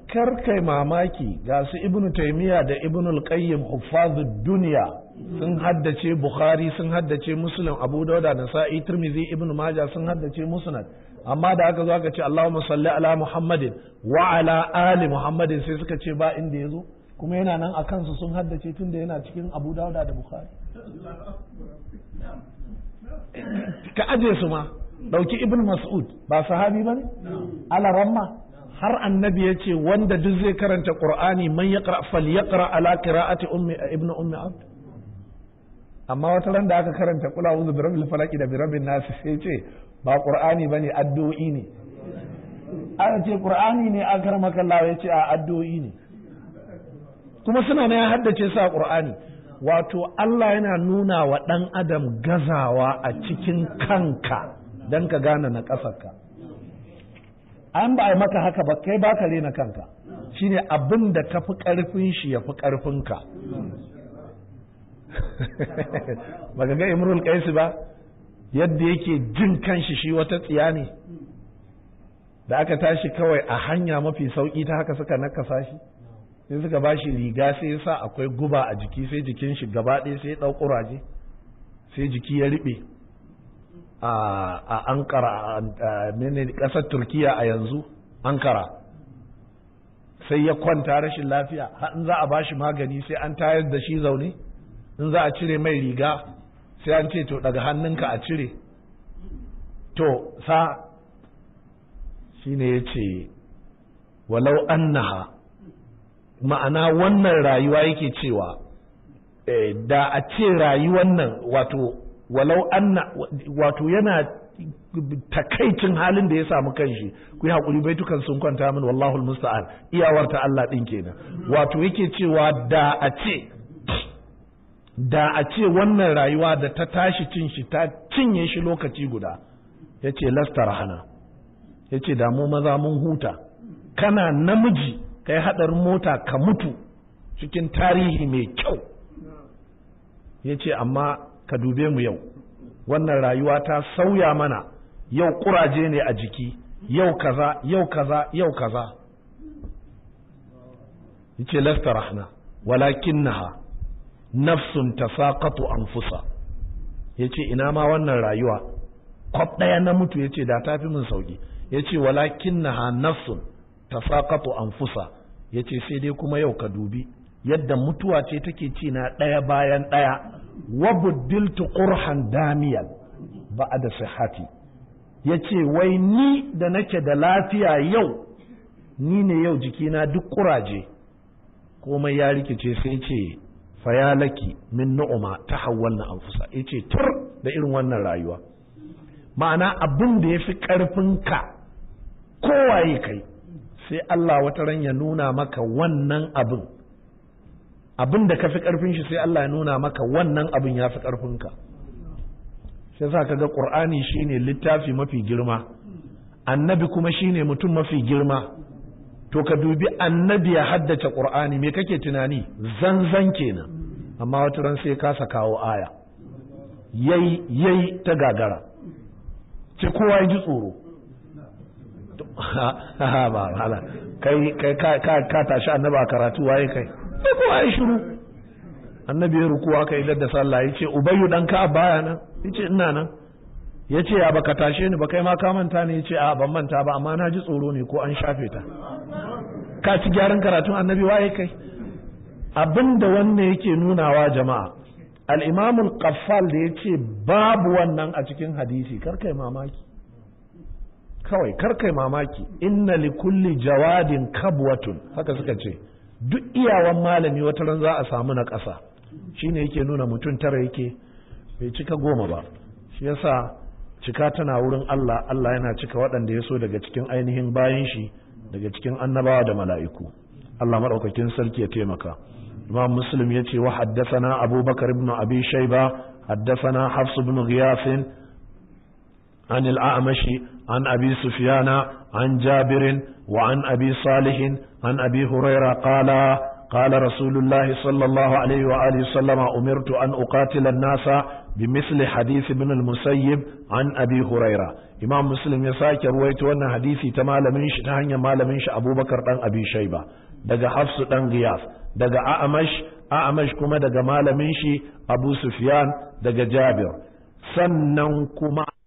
karkai mamaki ga su ibnu taimiyya da ibnu al-qayyim duniya sun haddace bukhari sun haddace muslim abu dauda nasa'i tirmizi ibnu Maja sun haddace musnad amma da aka zo aka ce Allahumma salli ala Muhammadin wa ala ali Muhammadin sai suka ce ba inda ya zo kuma yana nan a kansu sun haddace tun da yana cikin Abu Dawud da Bukhari ka aje su ma dauki Ibn Mas'ud ba sahabi bane ala ramma har annabi ya ce wanda duk zai karanta Qur'ani man yaqra yaqra ala qira'ati ummi ibn ummi abd amma wata ran da aka karanta kula uzu bi rabbil da bi rabbin nas sai ce ba qur'ani bane addu'o'i ne an ce qur'ani ne an karma kallawa ya ce a addu'o'i ne kuma suna na ya haddace sa qur'ani wato Allah yana nuna wa ɗan adam gazawa a cikin kanka don ka gane na ƙasarka an ba a maka haka ba kai baka rena kanka shine abin da ka fi ƙarfin shi ya fi ƙarfinka [LAUGHS] ba ga imrul kaisi ba yadda yake jin kanshi shi wata tsiya ne da aka tashi kawai a hanya mafi sauƙi ta haka suka nakasa shi sai suka ba shi riga sai ya sa akwai guba a jiki sai jikin shi gaba ɗaya sai ya ɗau ƙuraje sai jiki ya riɓe a ankara a ƙasar turkiya a yanzu ankara sai ya kwanta rashin lafiya in za a ba shi magani sai an tayar da shi zaune in za a cire mai riga sai an ce to daga hannunka a cire to sa shi ne ya ce walau annaha ma'ana wannan rayuwa yake cewa eh, da a ce rayuwan nan wato walau anna wato yana takaicin halin da ya samu kanshi ku yi haƙuri baitukan sun kwanta min wallahu musta'an iyawar ta Allah ɗin kenan wato yake cewa da a ce da a ce wannan rayuwa da ta tashi cin shi ta cinye shi lokaci guda ya ce lastar hana ya ce damu maza mun huta kana namiji ka yi haɗarin mota ka mutu cikin tarihi mai kyau ya ce amma ka dube mu yau wannan rayuwa ta sauya mana yau ƙuraje ne a jiki yau kaza yau kaza yau kaza ya ce lastar hana walakin naha nafsun tasaqatu anfusa yace ina ma wannan rayuwa kwab ɗaya na mutu yace da tafi min sauki yace walakinnaha nafsun tasaqatu anfusa yace sai dai kuma yau ka dubi yadda mutuwa ce take ci na daya bayan daya wa buddiltu qurhan su ba'da sihhati yace wai ni da nake da lafiya yau ni ne yau jikina duk kuraje komai ya rikice sai ce faya laki min nu'uma ta hawwalna anfusa yace tur da irin wannan rayuwa ma'ana abin da yafi karfin ka kowaye kai sai Allah wata ran ya nuna maka wannan abin abin da kafi karfin shi sai Allah ya nuna maka wannan abin yafi karfin ka sai ka ga ƙur'ani shine littafi mafi girma annabi kuma shine mutum mafi girma to ka dubi annabi ya haddace qur'ani me kake tunani zanzan kenan amma wata ran sai kasa kawo aya yayi yayi ta gagara sai kowa ya ji tsoro ba kai kai ka ka tashi annabi a karatu waye kai sai kowa ya shiru annabi ya rukuwa kai da sallah yace ubayyu dan ka baya nan yace ina nan ya ce ya baka tashe ni ba kai ma ka manta ne ya ce a ban manta ba amma na ji tsoro ne ko an shafe ta ka ci gyaran karatun annabi waye kai abin da wannan yake nunawa jama'a al'imamul kafal da ya ce babu wannan a cikin hadisi karkai mamaki kawai karkai mamaki inna li kulli jawadin kabwatun haka suka ce duk iyawan malami wata ran za a samu na ƙasa shine yake nuna mutum tara yake bai cika goma ba shi yasa cika tana wurin Allah Allah yana cika waɗanda ya so daga cikin ainihin bayan shi daga cikin annabawa da mala'iku Allah maɗaukakin sarki ya taimaka imam muslim yace ce wa haddasana abubakar ibn abi shaiba haddasana hafs ibn ghiyasin an a'mashi an abi sufyana an jabirin wa an abi salihin an abi huraira qala قال رسول الله صلى الله عليه وآله وسلم أمرت أن أقاتل الناس بمثل حديث ابن المسيب عن أبي هريرة إمام مسلم يساك رويت أن حديثي تمال منش تهني مال منش أبو بكر أن أبي شيبة دقى حفص أن غياث دقى أعمش أعمش كما دقى مال منش أبو سفيان دقى جابر سنن كما